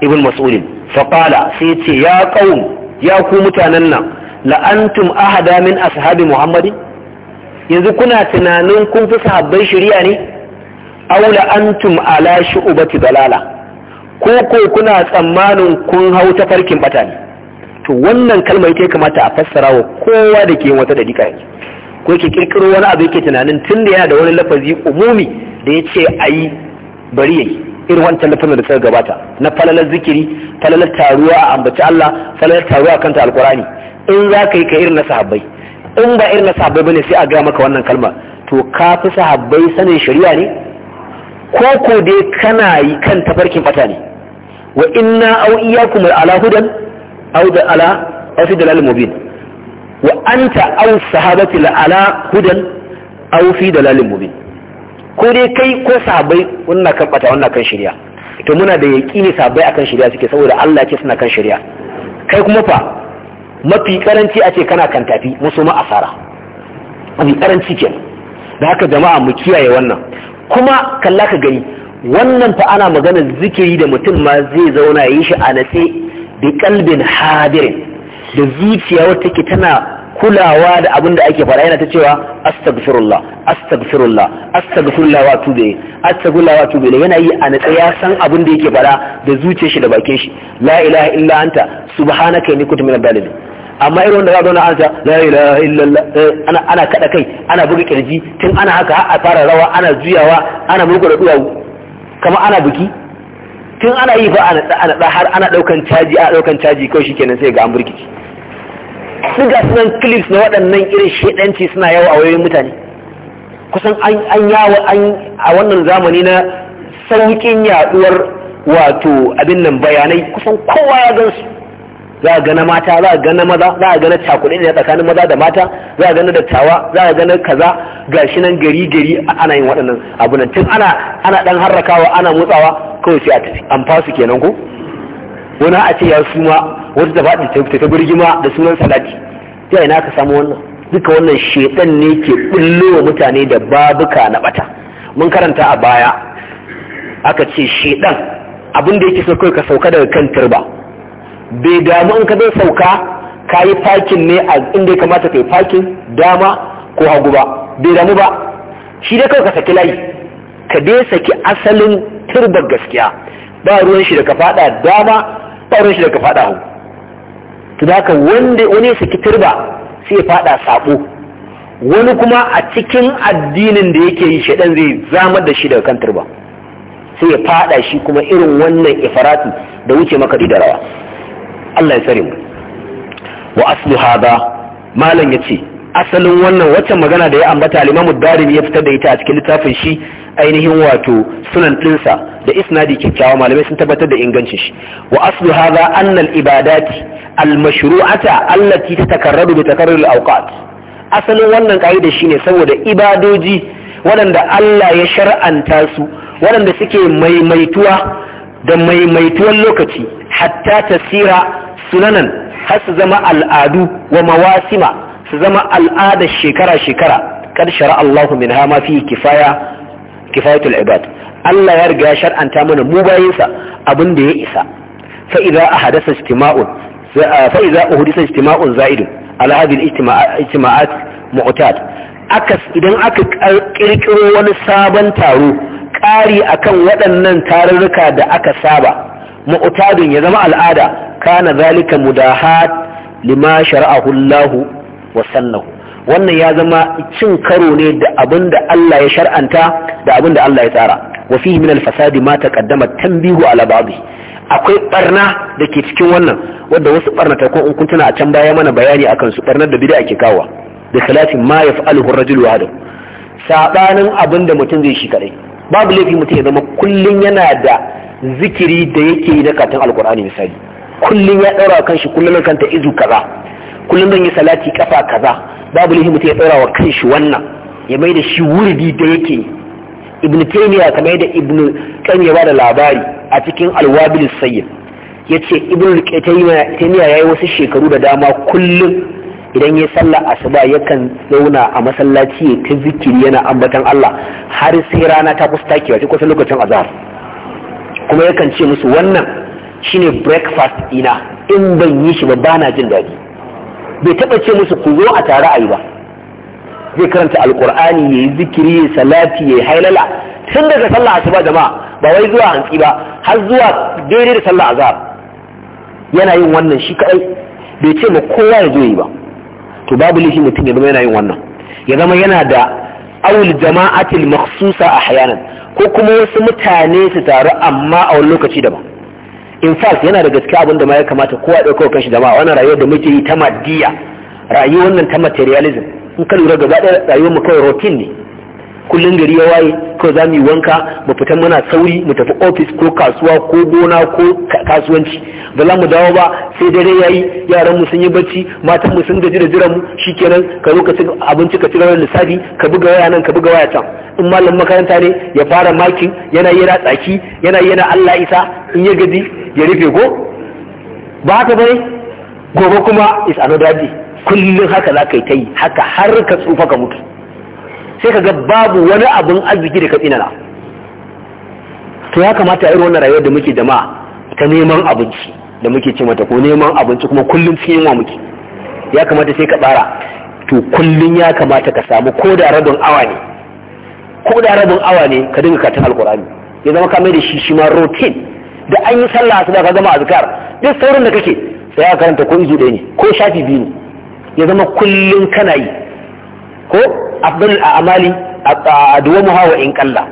ibn mas'ud faqala sai ce ya qaum ya ku mutanen nan la antum ahada min ashabi muhammadi yanzu kuna tunanin kun fi sahabbai shari'a ne aw la antum ala shu'bati dalala ko ko kuna tsammanin kun hau ta farkin batani? to wannan kalmar ita kamata a fassara wa kowa da ke wata da yanzu ko yake kirkiro wani abu yake tunanin tun da yana da wani lafazi umumi da yace ayi bari yayi irin wancan da da suka gabata na falalar zikiri falalar taruwa a ambaci Allah falalar taruwa kanta alkurani in za ka yi ka irin na sahabbai in ba irin na sahabbai bane sai a ga maka wannan kalma to ka fi sahabbai sanin shari'a ne ko ko dai kana yi kan tafarkin fata ne wa inna aw iyyakum ala hudan aw da ala aw fi dalal mubin wa anta aw sahabati ala hudan aw fi dalal mubin ko dai kai ko sabai wannan kan bata wannan kan shirya to muna da yaƙini sabai akan shirya suke saboda Allah ya suna kan shirya kai kuma fa mafi karanci a ce kana kan tafi musu ma asara mafi karanci ke da haka jama'a mu kiyaye wannan kuma kalla ka gani wannan fa ana magana zikiri da mutum ma zai zauna yi shi a natse bi kalbin hadirin da zuciya wata ke tana kulawa da abin da ake faɗa yana ta cewa astagfirullah astagfirullah astagfirullah wa tube astagfirullah wa tube yana yi a natsa ya san abin da yake faɗa da zuciyar shi da bakin shi la ilaha illa anta subhanaka inni kuntu minal dalil amma irin wanda za a zauna an ta la ilaha illallah eh, ana ana kada kai ana buga kirji tun ana haka har a fara rawa ana juyawa ana murga da duwawu kama ana buki tun ana yi fa ana ana har ana daukan caji a daukan caji kawai shikenan sai ga an burkici duk ga sunan clips na waɗannan irin shaɗanci suna yawo a wayoyin mutane kusan an yawo a wannan zamani na saukin yaɗuwar wato abin nan bayanai kusan kowa ya gansu za a gana mata za a gana maza za a gana cakuɗe ne tsakanin maza da mata za a gana dattawa za a gana kaza shi nan gari gari ana yin waɗannan abunan tun ana ana ɗan harrakawa ana motsawa kawai sai a tafi an fasu kenan ko wani a ce ya suma wata ta faɗi ta fita ta birgima da sunan salati ta ina ka samu wannan duka wannan shedan ne ke bullo wa mutane da babuka na bata mun karanta a baya aka ce shedan abin da yake so kai ka sauka daga kan turba bai damu in ka zai sauka ka yi fakin ne a inda ya kamata ka yi fakin dama ko hagu ba bai damu ba shi dai kawai ka saki layi ka dai saki asalin turbar gaskiya ba ruwan shi da ka fada dama ba ruwan shi da ka fada hagu to da wanda wani ya saki turba sai ya fada sako wani kuma a cikin addinin da yake yi shaɗan zai zama da shi daga kan turba sai ya fada shi kuma irin wannan ifarati da wuce maka da rawa Allah ya sani mu wa aslu hada malam yace asalin wannan wacce magana da ya ambata al-Imam ad ya fitar da ita a cikin littafin shi ainihin wato sunan ɗinsa da isnadi kyakkyawa malamai sun tabbatar da ingancin shi wa aslu hadha anna al ibadati al mashru'ata allati tatakarraru bi takarrur al awqat asalin wannan kaida shine saboda ibadoji waɗanda Allah ya shar'anta su waɗanda suke maimaituwa da maimaituwan lokaci hatta tasira sunanan har su zama al'adu wa mawasima su zama al'adar shekara-shekara kad shara Allahu min ma fi kifaya kifayatul ibad Allah ya riga shar'anta mana mu bayinsa abin da ya isa fa idza ahadatha istima'un fa idza uhdisa istima'un za'idun ala hadhihi al-ijtima'at mu'tad aka idan aka kirkiro wani sabon taro ƙari akan waɗannan tarurruka da aka saba mu'tadun ya zama al'ada kana zalika mudahat lima shar'ahu Allah wa sannahu wannan ya zama cin karo ne da abin da Allah ya shar'anta da abin da Allah ya tsara wa fihi min al-fasadi ma taqaddama tanbihu ala ba'dhi akwai barna da ke cikin wannan wanda wasu barnata ko in kun tuna a can baya mana bayani akan su barnar da bid'a ke kawo da salatin ma yaf'aluhu ar-rajulu wahdahu sabanin abin da mutum zai shi kadai babu laifi mutum ya zama kullun yana da zikiri da yake yi na katin alkur'ani misali kullun ya daura kan shi kullun kanta izu kaza kullum zan yi salati kafa kaza babu lihi mutum ya tsora wa shi wannan ya mai da shi wurdi da yake ibn taymiya kamar yadda ibn qayyim ya bada labari a cikin al sayyid yace ibn taymiya yayi wasu shekaru da dama kullum idan ya sallah asuba yakan zauna a masallaci ta zikiri yana ambatan Allah har sai rana ta fustakewa sai kusan lokacin azhar kuma yakan ce musu wannan shine breakfast ina in ban yi shi ba bana jin daɗi bai taɓa ce musu ku zo a tare a yi ba zai karanta alkur'ani ya yi zikiri ya salati ya yi hailala tun daga sallah asuba jama'a ba wai zuwa hantsi ba har zuwa daidai da sallah azhar yana yin wannan shi kadai bai ce ma kowa ya zo yi ba to babu lishi mutum ya zama yana yin wannan ya zama yana da awul jama'atil makhsusa ahyanan ko kuma wasu mutane su taru amma a wani lokaci daban in fact yana da gaske abin da ma ya kamata kowa ɗauka kanshi da ma wannan rayuwar da muke yi ta maddiya rayuwar nan ta materialism in ka lura gaba ɗaya rayuwar mu kawai routine ne kullum gari ya waye ko za mu yi wanka mu fita muna sauri mu tafi ofis ko kasuwa ko gona ko kasuwanci ba za mu dawo ba sai dare ya yi yaran mu sun yi bacci matan mu sun gaji da jiran mu shikenan ka zo ka ci abinci ka ci ranar lissafi ka buga waya nan ka buga waya can in malam makaranta ne ya fara makin yana yana tsaki yana yana Allah isa in ya gaji ya rufe ko ba haka bane gobe kuma is another day kullum haka za ka yi ta yi haka har ka tsufa ka mutu sai ka ga babu wani abin arziki da ka tsinana to ya kamata irin wannan rayuwar da muke jama'a ta neman abinci da muke ce mata ko neman abinci kuma kullum cikin yawa muke ya kamata sai ka tsara to kullum ya kamata ka samu ko da rabin awa ne ko da rabin awa ne ka dinga katin alkurani ya zama ka mai da shi shi ma rotin da an yi sallah su da ka zama azkar duk saurin da kake sai ka karanta ko izu ɗaya ne ko shafi biyu ne ya zama kullum kana yi ko a a'mali adwamuha wa in kalla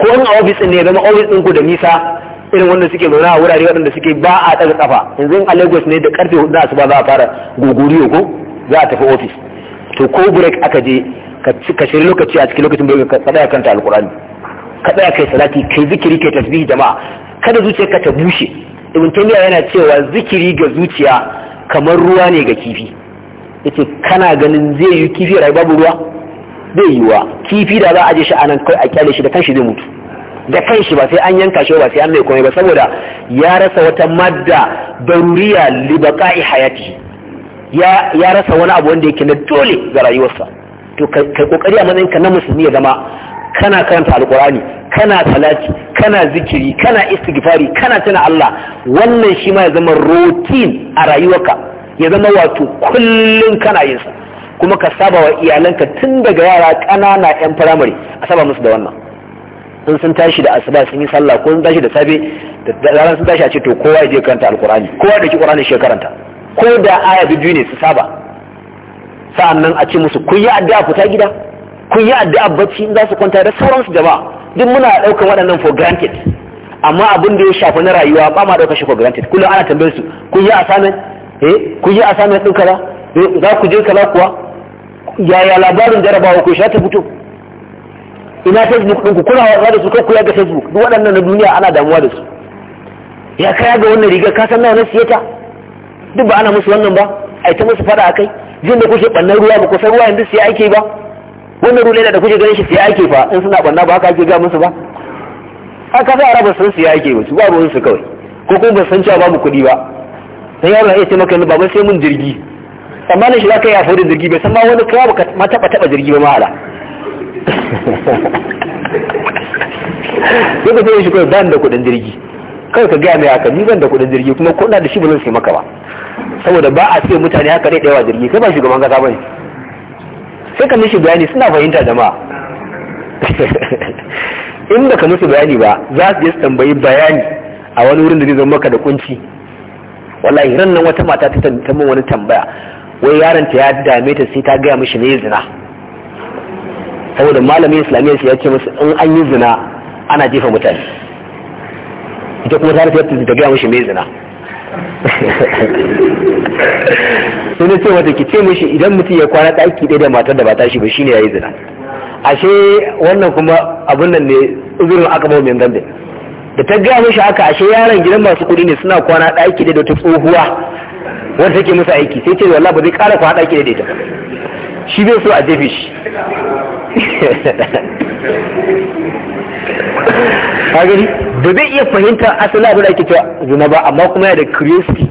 ko in a office ne zama office din ku da nisa irin wanda suke zauna a wurare waɗanda suke ba a ɗaga kafa yanzu a Lagos ne da karfe hudu a suba za a fara gogoriyo ko za a tafi office to ko break aka je ka shiri lokaci a cikin lokacin break ka tsaya kanta alkurani ka tsaya kai salati kai zikiri kai tasbihi ma kada zuciya ka ta bushe ibn taymiya yana cewa zikiri ga zuciya kamar ruwa ne ga kifi yace kana ganin zai yi kifi rai babu ruwa zai wa kifi da za a je shi anan kai a kyale shi da kanshi zai mutu da kanshi ba sai an yanka shi ba sai an mai komai ba saboda ya rasa wata madda daruriya li baqa'i hayati ya ya rasa wani abu wanda yake na dole ga rayuwarsa to kai kokari a matsayin ka na musulmi ya zama kana karanta alkurani kana salati kana zikiri kana istighfari kana tana Allah wannan shi ma ya zama routine a rayuwarka ya zama wato kullum kana yin sa kuma ka saba wa iyalanka tun daga yara ƙanana 'yan firamare a saba musu da wannan in sun tashi da asuba sun yi sallah ko sun tashi da safe da ranar sun tashi a ce to kowa ya je karanta alkurani kowa da ke qur'ani shi karanta ko da aya biyu ne su saba sa'annan a ce musu kun yi addu'a fita gida kun yi addu'a bacci in za su kwanta da sauransu jama'a duk muna ɗaukan waɗannan for granted amma abin da ya shafi na rayuwa ba ma ɗaukar shi for granted kullum ana tambayar su kun yi assignment eh ku je a sami ɗin kala? Eh, za ku je kala kuwa yaya labarin jarabawa ku sha ta fito ina facebook ku kuna wasa da su kai ku yaga facebook duk waɗannan na duniya ana damuwa da su ya kaya ga wannan rigar ka san nawa na siye ta duk ba ana musu wannan ba a yi ta musu fada akai jin da kuke ɓannan ruwa ba ku san ruwa yanzu siya ake ba wannan rulai da kuke ganin shi siya ake fa in suna ɓanna ba haka ake ga musu ba haka za a raba sun siya ake ba su ba ruwan su kawai ko kuma ba san cewa babu kuɗi ba sai yaro na iya ce maka baban sai mun jirgi amma shi za ka yi afo jirgi bai san ma wani kawa ba ma taba taba jirgi ba ma'ala sai ka sai shi kawai ban da kuɗin jirgi kawai ka gaya mai haka ni ban da kuɗin jirgi kuma kuɗa da shi ba zan sai maka ba saboda ba a ce mutane haka dai ɗaya jirgi kai ba shugaban kasa bane sai ka mishi bayani suna fahimta jama'a inda ka musu bayani ba za su yi tambayi bayani a wani wurin da zai zama maka da kunci wallahi ran nan wata mata ta tambaye wani tambaya wai yaron ta ya dame ta sai ta gaya mishi ne zina saboda malamin islamiyya ya ce musu in an yi zina ana jefa mutane ita kuma ta rufe ta gaya mishi ne zina sai na ce wata ki ce mishi idan mutum ya kwana ɗaki ɗaya da matar da ba ta shi ba shine yayi zina ashe wannan kuma abun nan ne uzurin aka bawa mai gambe da ta gaya mishi haka ashe yaran gidan masu kuɗi ne suna kwana ɗaki da ta tsohuwa wanda take musu aiki sai ce wallahi ba zai ƙara kwana ɗaki da ita shi bai so a jefe shi hagari da zai iya fahimta asali abin da ake cewa zuma ba amma kuma yana da curiosity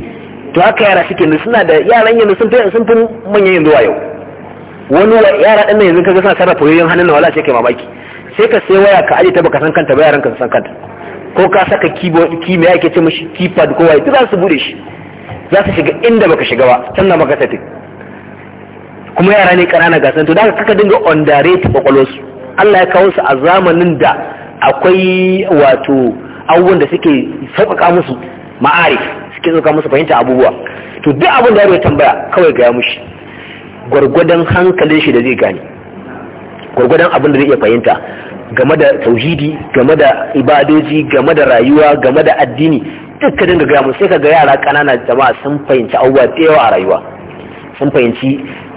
to haka yara suke yanzu suna da yaran yanzu sun fi sun fi manyan yanzu yau wani yara ɗan yanzu kaga suna sarrafa yoyin hannun na wala sai kai mamaki sai ka sai waya ka aje ta baka san kanta ba yaran ka san kanta ko ka saka kimiyya ake ce mashi kifa da kowa duk za su bude shi za su shiga inda baka shiga ba na maka tafi kuma yara ne kanana gasan to da kaka dinga underrate kwakwalwarsu Allah ya kawo su a zamanin da akwai wato abubuwan da suke sauƙaƙa musu ma'ari suke sauƙa musu fahimta abubuwa to duk abin da ya tambaya kawai gaya mushi gwargwadon hankalin shi da zai gane gwargwadon abin da zai iya fahimta game da tauhidi game da ibadoji game da rayuwa game da addini duk ka dinga gaya mu sai ka ga yara kanana jama'a sun fahimci abubuwa da yawa a rayuwa sun fahimci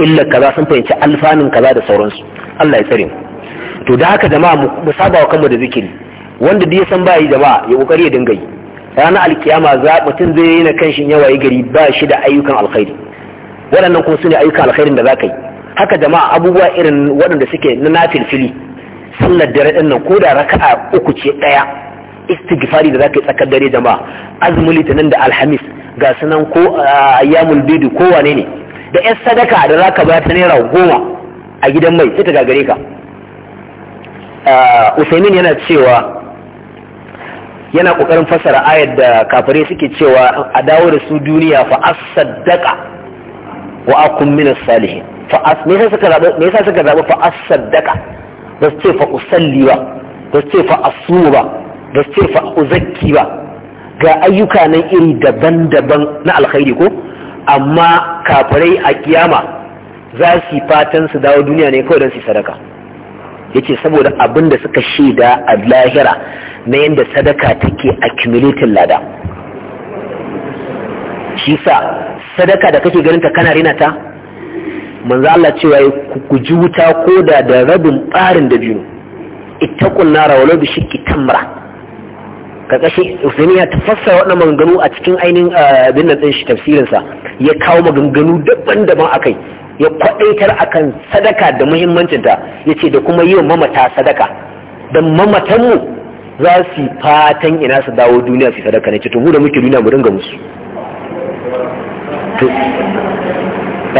illar kaza sun fahimci alfanun kaza da sauransu Allah ya tsare mu to da haka jama'a mu saba wa kanmu da zikiri wanda duk ya san bayi jama'a ya kokari ya dinga yi ranar alkiyama za mutum zai yi na kanshin yawa ya gari ba shi da ayyukan alkhairi waɗannan kuma su ne ayyukan alkhairin da za ka yi haka jama'a abubuwa irin waɗanda suke na fili sallar dare din nan ko da raka'a uku ce daya istighfari da zaka yi tsakar dare jama'a azumi litinin da alhamis ga sunan ko ayyamul bidu ko wane ne da yan sadaka da zaka ba ta naira goma a gidan mai sai ta gagare ka usaimin yana cewa yana kokarin fassara ayar da kafare suke cewa a dawo da su duniya fa as wa akum min as-salihin fa as me yasa suka zaba me yasa suka zaba fa as ba su ce fa usalli ba ba su ce fa asu ba ba su ce fa uzakki ba ga ayyuka nan iri daban-daban na alkhairi ko amma kafirai a kiyama za su fatan su dawo duniya ne kawai don su sadaka yace saboda abin da suka shaida a lahira na yadda sadaka take accumulating lada shi sa sadaka da kake ganin ta kana rina ta manzo Allah cewa ku ji wuta ko da rabin barin da biyu ittaqun nara walau bi shikki tamra kashi Usaini ya tafassa wannan maganganu a cikin ainihin ah, abin nan shi tafsirin sa ya kawo maganganu daban-daban akai ya kwadaitar akan sadaka da muhimmancin ta yace da kuma yi mamata sadaka dan mamatan mu za su fatan ina su dawo duniya su sadaka ne to mu da muke duniya mu ringa musu to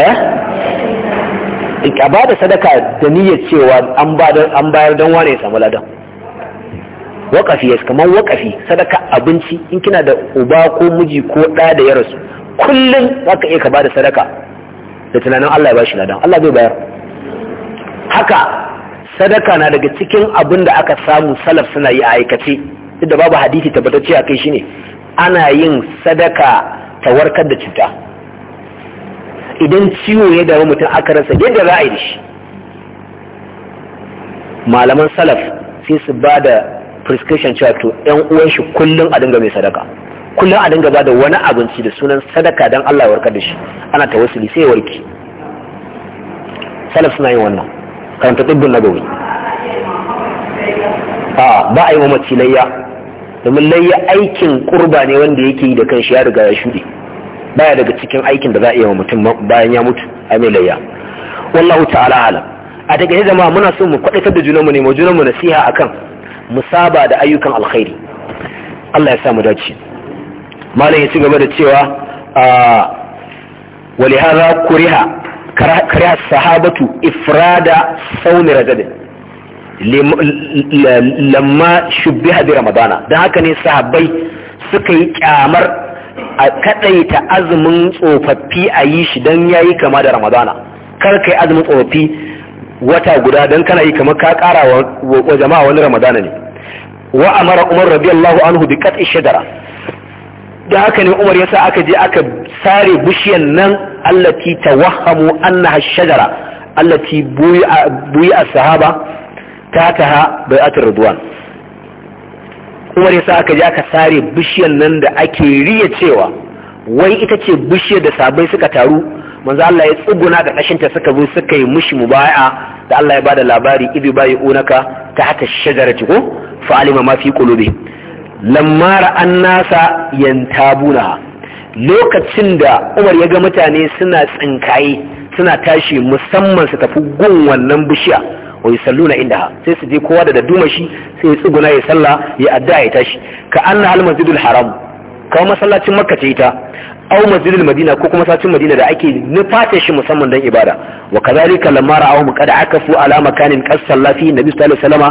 eh? ka ba da sadaka da niyyar cewa an bayar don wane ya samu ladan wakafi ya kamar wakafi sadaka abinci in kina da uba ko miji ko ɗa da ya rasu kullum za ka iya ka ba da sadaka da tunanin Allah ya bashi ladan Allah zai bayar haka sadaka na daga cikin abin da aka samu salaf suna yi a aikace duk da babu hadisi tabbatacce a kai shine ana yin sadaka ta warkar da cuta idan ciwo ya damu mutum aka rasa yadda za a yi da shi malaman salaf sai su ba da prescription cewa to yan uwan shi kullum a dinga mai sadaka kullum a dinga ba da wani abinci da sunan sadaka don Allah warkar da shi ana wasu sai warki salaf suna yin wannan karanta na nagawi a ba a yi mamaci layya domin layya aikin kurba ne wanda yake yi da kan shi ya riga ya shuɗe baya daga cikin aikin da za a iya wa mutum bayan ya mutu a mai layya wallahu ta'ala alam a daga ma muna so mu kwadaitar da junanmu ne mu junanmu nasiha akan mu saba da ayyukan alkhairi Allah ya sa mu dace malam ya ci gaba da cewa wa hadha kuriha kariha sahabatu ifrada sawmi rajab lamma shubbiha bi ramadana dan haka ne sahabbai suka yi kyamar a kadaita azumin tsofaffi a yi shi don ya yi kama da ramadana kar yi azumin tsofaffi wata guda don kana yi kamar ka kara wa jama'a wani ramadana ne wa amara umar radiyallahu anhu bi qat'i shajara da haka ne umar yasa aka je aka sare bishiyar nan allati tawahhamu annaha shajara allati buyi a sahaba ta taha bai'atul ridwan Kuma ne sa aka je aka sare bishiyar nan da ake riya cewa wai ita ce bishiyar da sabai suka taru manzo Allah ya tsuguna da kashinta suka zo suka yi mushi mubaya da Allah ya bada labari idu bai unaka ta hata shajarati ko fa alima ma fi qulubi lamma ra'an nasa yantabuna lokacin da Umar ya ga mutane suna tsinkaye suna tashi musamman su tafi gun wannan bishiya wa yusalluna indaha sai su je kowa da daduma shi sai ya tsuguna ya salla ya adda ya tashi ka anna hal masjidul haram ka masallacin makka ce ita aw masjidul madina ko kuma masallacin madina da ake nufata shi musamman don ibada wa kadhalika lamma ra'awhum qad akafu ala makanin qasalla fi nabi sallallahu alaihi wasallama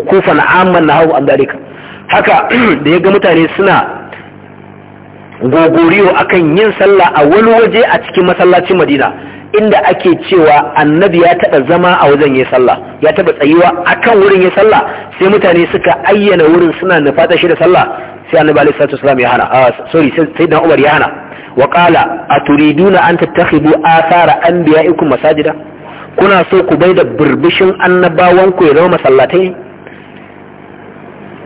ukufan amman nahu an dalika haka da ya ga mutane suna gogoriyo akan yin sallah a wani waje a cikin masallacin madina inda ake cewa annabi ya taɓa zama a wajen ya sallah ya taɓa tsayuwa akan wurin ya sallah sai mutane suka ayyana wurin suna nufata shi da sallah sai annabi alaihi salatu wasallam ya hana ah, sorry sai dan Umar ya hana wa qala aturiduna an tattakhidu athara anbiya'ikum masajida kuna so ku bai da burbushin annabawan ku ya zama masallatai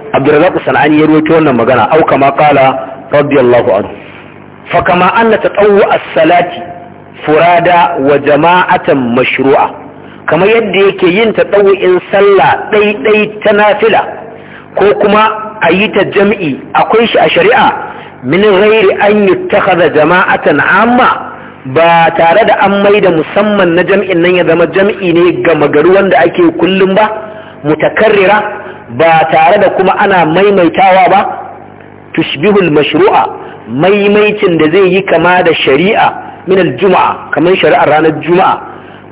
Abdurrazzaq Sanani ya rawaito wannan magana au kama qala radiyallahu anhu fa kama anna tatawwu as-salati furada wa jama'atan mashru'a kamar yadda yake yin ta ɗau'in sallah ɗaiɗai ta nafila ko kuma a yi ta jam'i akwai shi a shari'a min ghairi an yuttakhadha jama'atan amma ba tare da an maida musamman na jam'in nan ya zama jam'i ne ga magaru wanda ake kullum ba mutakarrira ba tare da kuma ana maimaitawa ba tushbihul mashru'a maimaicin da zai yi kama da shari'a min al kamar shari'ar ranar juma'a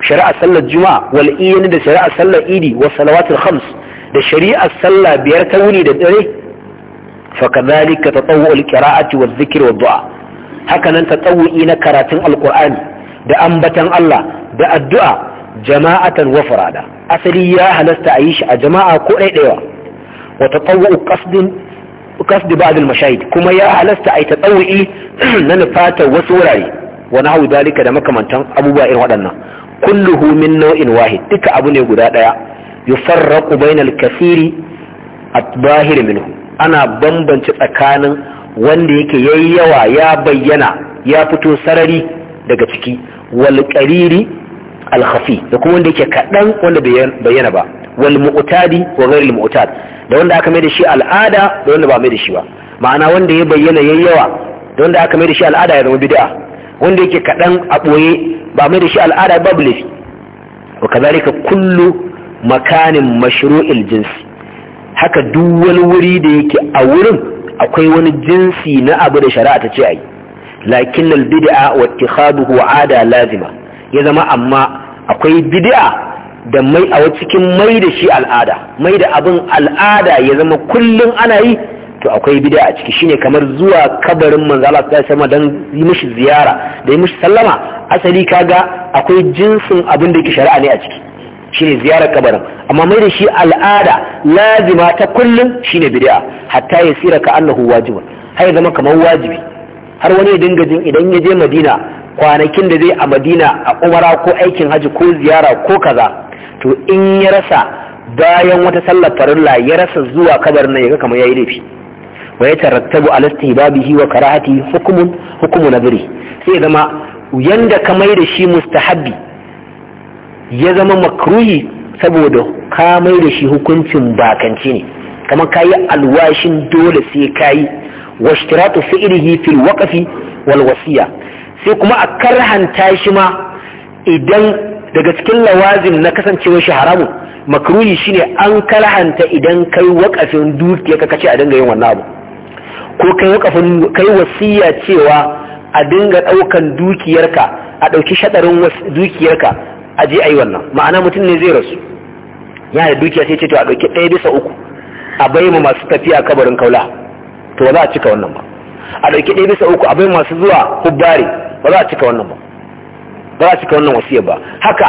shari'ar sallar juma'a wal iyani da shari'ar sallar idi wa salawatul khams da shari'ar sallah biyar ta wuni da dare fa kadhalika tatawwu al wa dhikr wa du'a haka nan tatawwi na karatun alqur'ani da ambatan Allah da addu'a jama'atan wa farada asali ya halasta a yi shi a jama'a ko ɗaiɗaiwa wa tatawwu qasdin qasdi ba'd al-mashahid kuma ya halasta ta tatawwi na nufatar wasu wurare wa nahwu dalika da makamantan abubuwa irin waɗannan kulluhu min nau'in wahid duka abu ne guda daya yufarraqu bainal kathiri at-zahir minhu ana bambance tsakanin wanda yake yayi yawa ya bayyana ya fito sarari daga ciki wal qariri al khafi da kuma wanda yake kadan wanda bayyana ba wal mu'tadi wa ghairil mu'tad da wanda aka mai da shi al'ada da wanda ba mai da shi ba ma'ana wanda ya bayyana yayi yawa da wanda aka mai da shi al'ada ya zama bid'a wanda yake kaɗan a ɓoye ba mai da shi al'ada babu laifi wa kazalika kullu makanin mashru'il jinsi haka duk wani wuri da yake a wurin akwai wani jinsi na abu da shari'a ta ce ai lakin al bid'a wa ittikhadu ada lazima ya zama amma akwai bid'a da mai a cikin mai da shi al'ada mai da abin al'ada ya zama kullum ana yi to akwai bid'a a ciki shine kamar zuwa kabarin manzo Allah sallallahu alaihi wasallam dan yi mishi ziyara da yi mishi sallama asali kaga akwai jinsin abin da yake shari'a ne a ciki shine ziyarar kabarin amma mai da shi al'ada lazima ta kullum shine bid'a hatta ya sira ka annahu wajiba ya zama kamar wajibi har wani ya dinga jin idan ya je Madina kwanakin da zai a Madina a umara ko aikin haji ko ziyara ko kaza to in ya rasa bayan wata sallar farilla ya rasa zuwa kabarin nan ya ga kamar yayi laifi wa yatarattabu ala istihbabihi wa karahati hukmun hukmu nadri sai zama yanda ka mai da shi mustahabbi ya zama makruhi saboda ka mai da shi hukuncin bakanci ne kama kayi alwashin dole sai kayi wa ishtiratu fi'lihi fil waqfi wal wasiya sai kuma a karhanta shi ma idan daga cikin lawazim na kasancewar shi haramun makruhi shine an karhanta idan kai wakafin dukiya ka kace a dinga yin wannan abu ko kai wakafin kai wasiya cewa a dinga daukan dukiyarka a dauki shadarin dukiyarka a je ayi wannan ma'ana mutum ne zai rasu ya da dukiya sai ce to a dauki ɗaya bisa uku a bai ma masu tafiya kabarin kaula to ba za a cika wannan ba a dauki ɗaya bisa uku a bai masu zuwa hubbari ba za a cika wannan ba ba za a cika wannan wasiyar ba haka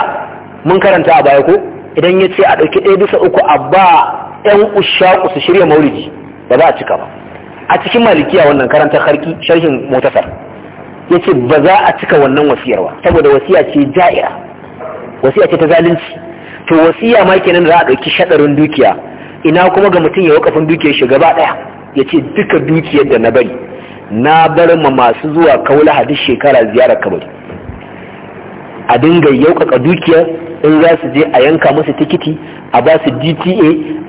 mun karanta a baya ko idan ya ce a dauki ɗaya bisa uku a ba 'yan ushaku su shirya maulidi ba za a cika ba a cikin malikiya wannan karanta harki sharhin motasar ya ce ba za a cika wannan wasiyar ba saboda wasiya ce ja'ira wasiya ce ta zalunci to wasiya ma kenan za a ɗauki shaɗarin dukiya ina kuma ga mutum ya wakafin dukiyar shiga gaba ɗaya ya ce duka dukiyar da na bari na bar ma masu zuwa kaula hadis shekara ziyarar kabari a dinga yaukaka dukiyar in za su je a yanka musu tikiti a ba su dta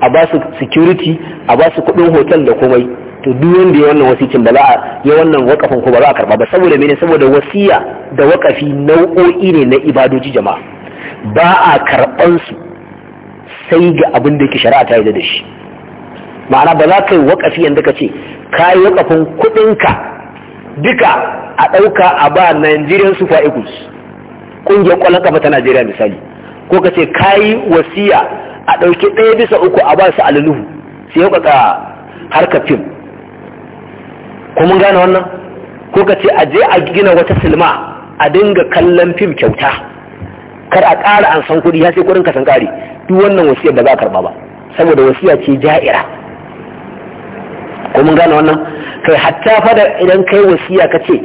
a ba su security a ba su kuɗin hotel da komai to duk wanda ya wannan wasikin, ba za a ya wannan wakafin ko ba za a karba ba saboda mene saboda wasiya da wakafi nau'o'i ne na ibadoji jama'a ba a karban su sai ga abin da yake shari'a ta yi da shi ma'ana ba za ka yi wakafi yanda ka ce ka yi wakafin kuɗinka duka a ɗauka a ba Nigerian Super Eagles ƙungiyar ƙwallon kafa ta Najeriya misali ko ka ce ka yi wasiya a ɗauki ɗaya bisa uku a ba su alinuhu sai ya harkar fim ko mun gane wannan ko ka ce a je a gina wata silma a dinga kallon fim kyauta kar a ƙara an san kuɗi ya sai kuɗin ka san ƙari duk wannan wasiyar da za a karɓa ba saboda wasiya ce ja'ira ko mun gane wannan kai hatta fada idan kai wasiya ka ce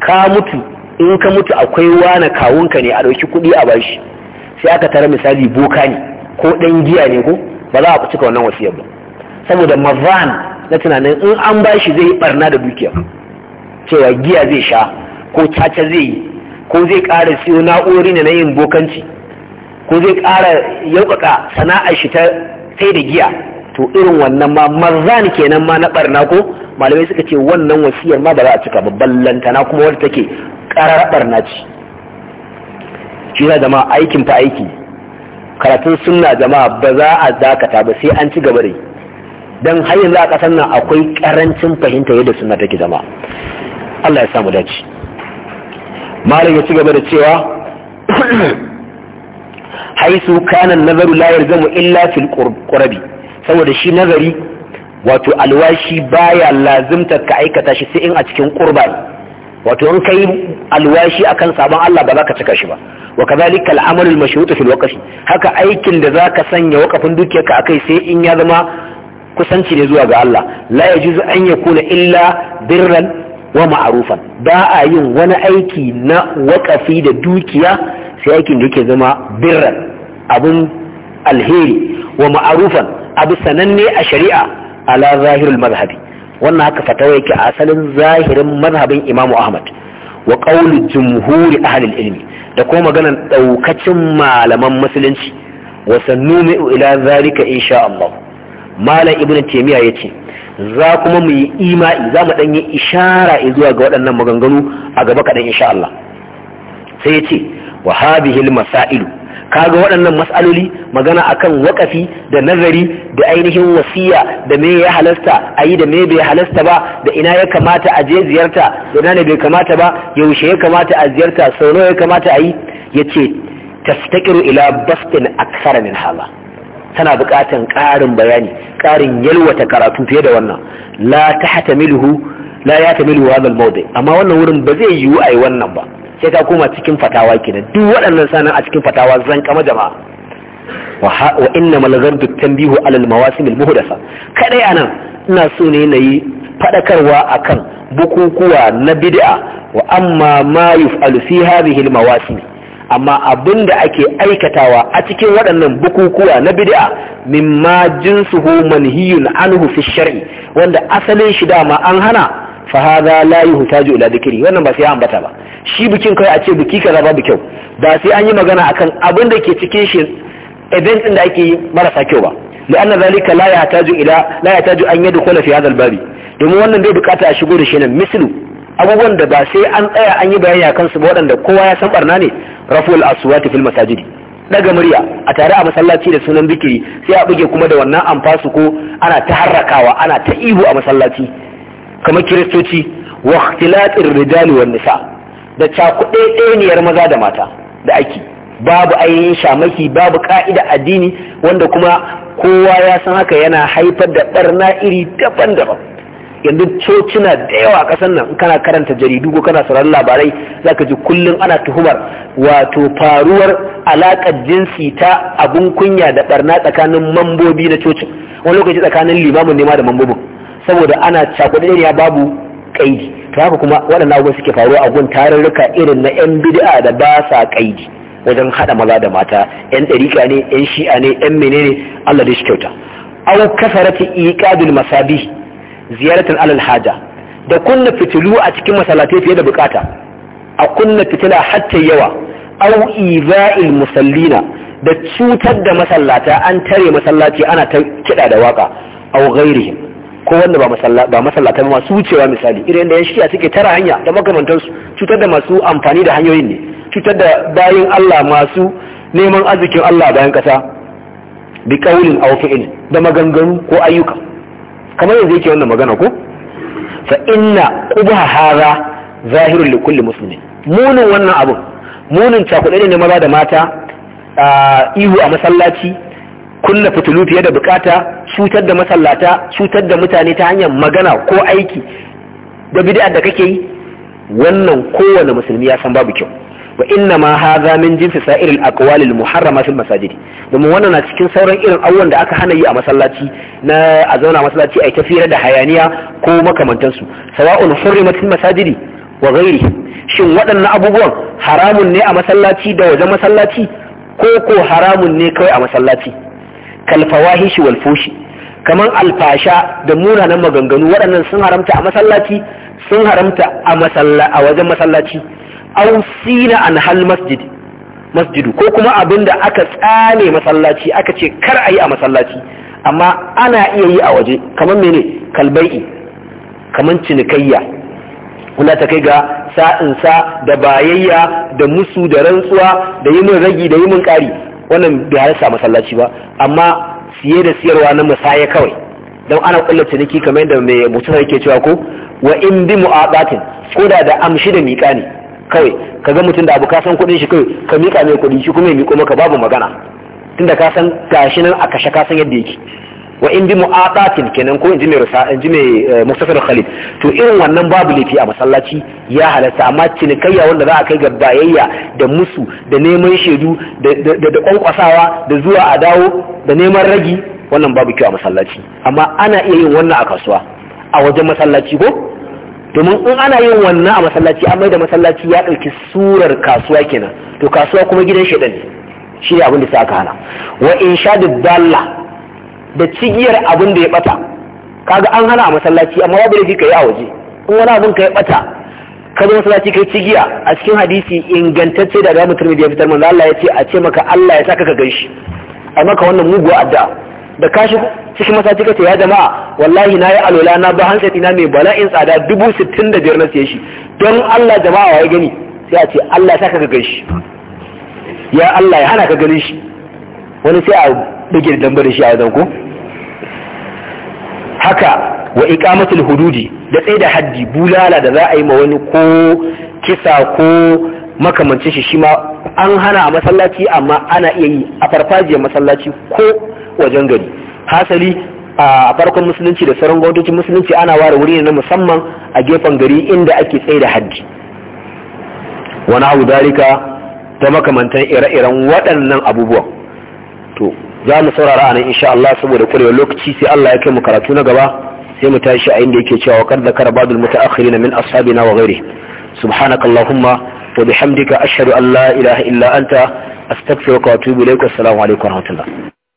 ka mutu in ka mutu akwai wani kawunka ne a ɗauki kuɗi a bashi sai aka tara misali boka ne ko ɗan giya ne ko ba za a cika wannan wasiyar ba saboda mazan na tunanin in an ba shi zai barna da dukiyar cewa giya zai sha ko caca zai yi ko zai ƙara siyo na'urori na yin bokanci ko zai ƙara yaukaka sana'ar shi ta sai da giya to irin wannan ma marzan kenan ma na barna ko malamai suka ce wannan wasiyar ma ba za a cika ba ballantana kuma wadda take ƙarar barna ce shi za jama'a aikin fa aiki karatun sunna jama'a ba za a dakata ba sai an ci gaba da yi don har yanzu a ƙasar nan akwai ƙarancin fahimta yadda suna take zama Allah ya samu dace malam ya ci gaba da cewa haisu kanan nazaru la zama illa fil saboda shi nazari wato alwashi baya lazimta ka aikata shi sai in a cikin qurba wato in kai alwashi akan sabon Allah ba za ka cika shi ba wa kadhalika al-amalu al-mashrutu fil waqf haka aikin da zaka sanya wakafin dukiyarka akai sai in ya zama kusanci ne zuwa ga Allah la yajuzu an yakuna illa birran wa ma'arufan ba a yin wani aiki na waƙafi da dukiya sai aikin da yake zama birran abun alheri wa ma'arufan abu sananne a shari'a ala zahirul mazhabi wannan haka fatawa yake a asalin zahirin mazhabin imamu ahmad wa qawli jumhuri ahlil ilmi da kuma maganar daukacin malaman musulunci wa sannu ila zalika insha Allah malam ibn taymiya ce za kuma mu yi ima'i za mu dan ishara zuwa ga waɗannan maganganu a gaba kaɗan insha Allah sai yace wa hadhihi masailu kaga waɗannan mas'aloli magana akan wakafi da nazari da ainihin wasiya da me ya halasta ayi da me bai halasta ba da ina ya kamata a je ziyarta da ina ne bai kamata ba yaushe ya kamata a ziyarta sau nawa ya kamata a yi yace tastaqiru ila bastin aksara min hala tana buƙatan ƙarin bayani ƙarin yalwata karatu fiye da wannan la tahtamiluhu la yahtamilu hadha al-mawdi amma wannan wurin ba zai yiwu ai wannan ba sai ka koma cikin fatawa kenan duk waɗannan sanan a cikin fatawa zan kama jama'a wa inna malazantu tanbihu ala al-mawasim al-muhdasa kadai anan ina so ne nayi fadakarwa akan bukukuwa na bid'a wa amma ma yuf'alu fi hadhihi al-mawasim amma abin da ake aikatawa a cikin waɗannan bukukuwa na bid'a mimma hu manhiyun anhu fi shar'i wanda asalin shi dama an hana fa hadha la yuhtaju ila dhikri wannan ba sai an bata ba shi bikin kai a ce biki kaza babu kyau ba sai an yi magana akan abin da ke cikin shi event din da ake yi marasa kyau ba li'anna zalika la yahtaju ila la yahtaju an yadkhula fi babi domin wannan bai bukata a shigo da shi nan mislu abubuwan da ba sai an tsaya an yi bayani a su ba wadanda kowa ya san barna ne raful aswati fil masajidi daga murya a tare a masallaci da sunan bikiri sai a buge kuma da wannan amfasu ko ana ta harrakawa ana ta ihu a masallaci kamar kiristoci wa ikhtilatir rijali wan nisa da cakuɗe maza da mata da aiki babu ainihin shamaki babu ka'ida addini wanda kuma kowa ya san haka yana haifar da barna iri daban-daban yanzu cocina da yawa a ƙasar nan kana karanta jaridu ko kana sauran labarai Za ka ji kullum ana tuhumar wato faruwar alaƙar jinsi ta abun kunya da barna tsakanin mambobi na cocin wani lokaci tsakanin limamin nema da mambobin saboda ana ya babu kaidi to haka kuma waɗannan abubuwa suke faruwa a gun tarurruka irin na yan bid'a da ba sa kaidi wajen haɗa maza da mata yan ɗarika ne yan shi'a ne yan menene Allah da shi kyauta au kasarati iqadul masabih ziyaratan alal haja da kunna fitilu a cikin masallatai fiye da bukata a kunna fitila hatta yawa aw iza'il musallina da cutar da masallata an tare masallaci ana ta kida da waka aw ghairihim ko wanda ba ba masallata su wucewa misali irin da yashi shiya suke tara hanya da su cutar da masu amfani da hanyoyin ne cutar da bayin Allah masu neman arzikin Allah bayan kasa bi kaulin aw fi'il da maganganu ko ayyuka kamar yanzu yake wannan magana ko fa inna quba hadha zahirun li kulli muslimin munin wannan abun munin cakuɗe ne maza da mata ihu a masallaci kunna fitulu fiye da bukata cutar da masallata cutar da mutane ta hanyar magana ko aiki da bid'a da kake yi wannan kowane musulmi ya san babu kyau wa inna ma hadha min jinsi sa'iril aqwal al muharrama fil masajid domin wannan na cikin sauran irin awwan da aka hana yi a masallaci na a zauna masallaci ai tafira da hayaniya ko makamantan su sawa'un hurrimat fil masajid wa ghairi shin waɗannan abubuwan haramun ne a masallaci da wajen masallaci ko ko haramun ne kawai a masallaci kal fawahishi wal fushi kamar alfasha da munanan maganganu waɗannan sun haramta a masallaci sun haramta a wajen masallaci Ausi sina an hal masjid masjidu ko kuma abinda aka tsane masallaci aka ce kar ayi a masallaci amma ana iya yi a waje kamar mene kalbai kamar cinikayya kuna ta kai ga sa'insa da bayayya da musu da rantsuwa da yi min ragi da yi min ƙari wannan bai halasta masallaci ba amma siye da siyarwa na musaya kawai don ana kulla ciniki kamar yadda mai mutum yake cewa ko wa in bi mu'abatin ko da da amshi da miƙa ne Kawai ka ga mutum da abu ka san kuɗin shi kai ka miƙa mai kuɗi shi kuma ya miƙo maka babu magana tunda ka san gashi nan a kashe ka san yadda yake wa in bi mu'aqatin kenan ko in ji mai rusa in ji mai eh, khalid to irin wannan babu laifi a masallaci ya halatta amma cinikayya wanda za a kai ga bayayya da musu da neman shaidu da kwankwasawa da zuwa a dawo da neman ragi wannan babu kyau a masallaci amma ana iya yin wannan a kasuwa a wajen masallaci ko domin in ana yin wannan a masallaci an maida masallaci ya ɗauki surar kasuwa kenan to kasuwa kuma gidan shaidan ne shi ne abin da ka hana wa in sha dalla da cigiyar abin da ya bata kaga an hana a masallaci amma babu da ka yi a waje in wani abin ka ya bata ka zo masallaci kai cigiya a cikin hadisi ingantacce da ga mutum da ya fitar manzo Allah ya ce a ce maka Allah ya saka ka ganshi a maka wannan muguwa addu'a da kashi cikin masaji kace ya jama'a wallahi na yi alola na ba hantsati tina mai bala'in tsada dubu sittin da biyar na siye shi don Allah jama'a ya gani sai a ce Allah ta ka gani shi ya Allah ya hana ka gani shi wani sai a bige damba da shi a wajen ko haka wa iqamatul hududi da tsaye da haddi bulala da za a yi ma wani ko kisa ko makamancin shi shi an hana a masallaci amma ana iya yi a farfajiyar masallaci ko wajen gari hasali a farkon musulunci da sauran gwamnatocin musulunci ana ware wuri na musamman a gefen gari inda ake tsaye da hajji wani abu dalika ta makamantan ire-iren waɗannan abubuwan to za mu saurara a nan insha Allah saboda kurewa lokaci sai Allah ya kai mu karatu na gaba sai mu tashi a inda yake cewa kar da karabadul mutaakhirin min ashabina wa ghairi subhanaka allahumma wa bihamdika ashhadu an la ilaha illa anta astaghfiruka wa atubu ilaik assalamu alaikum wa rahmatullah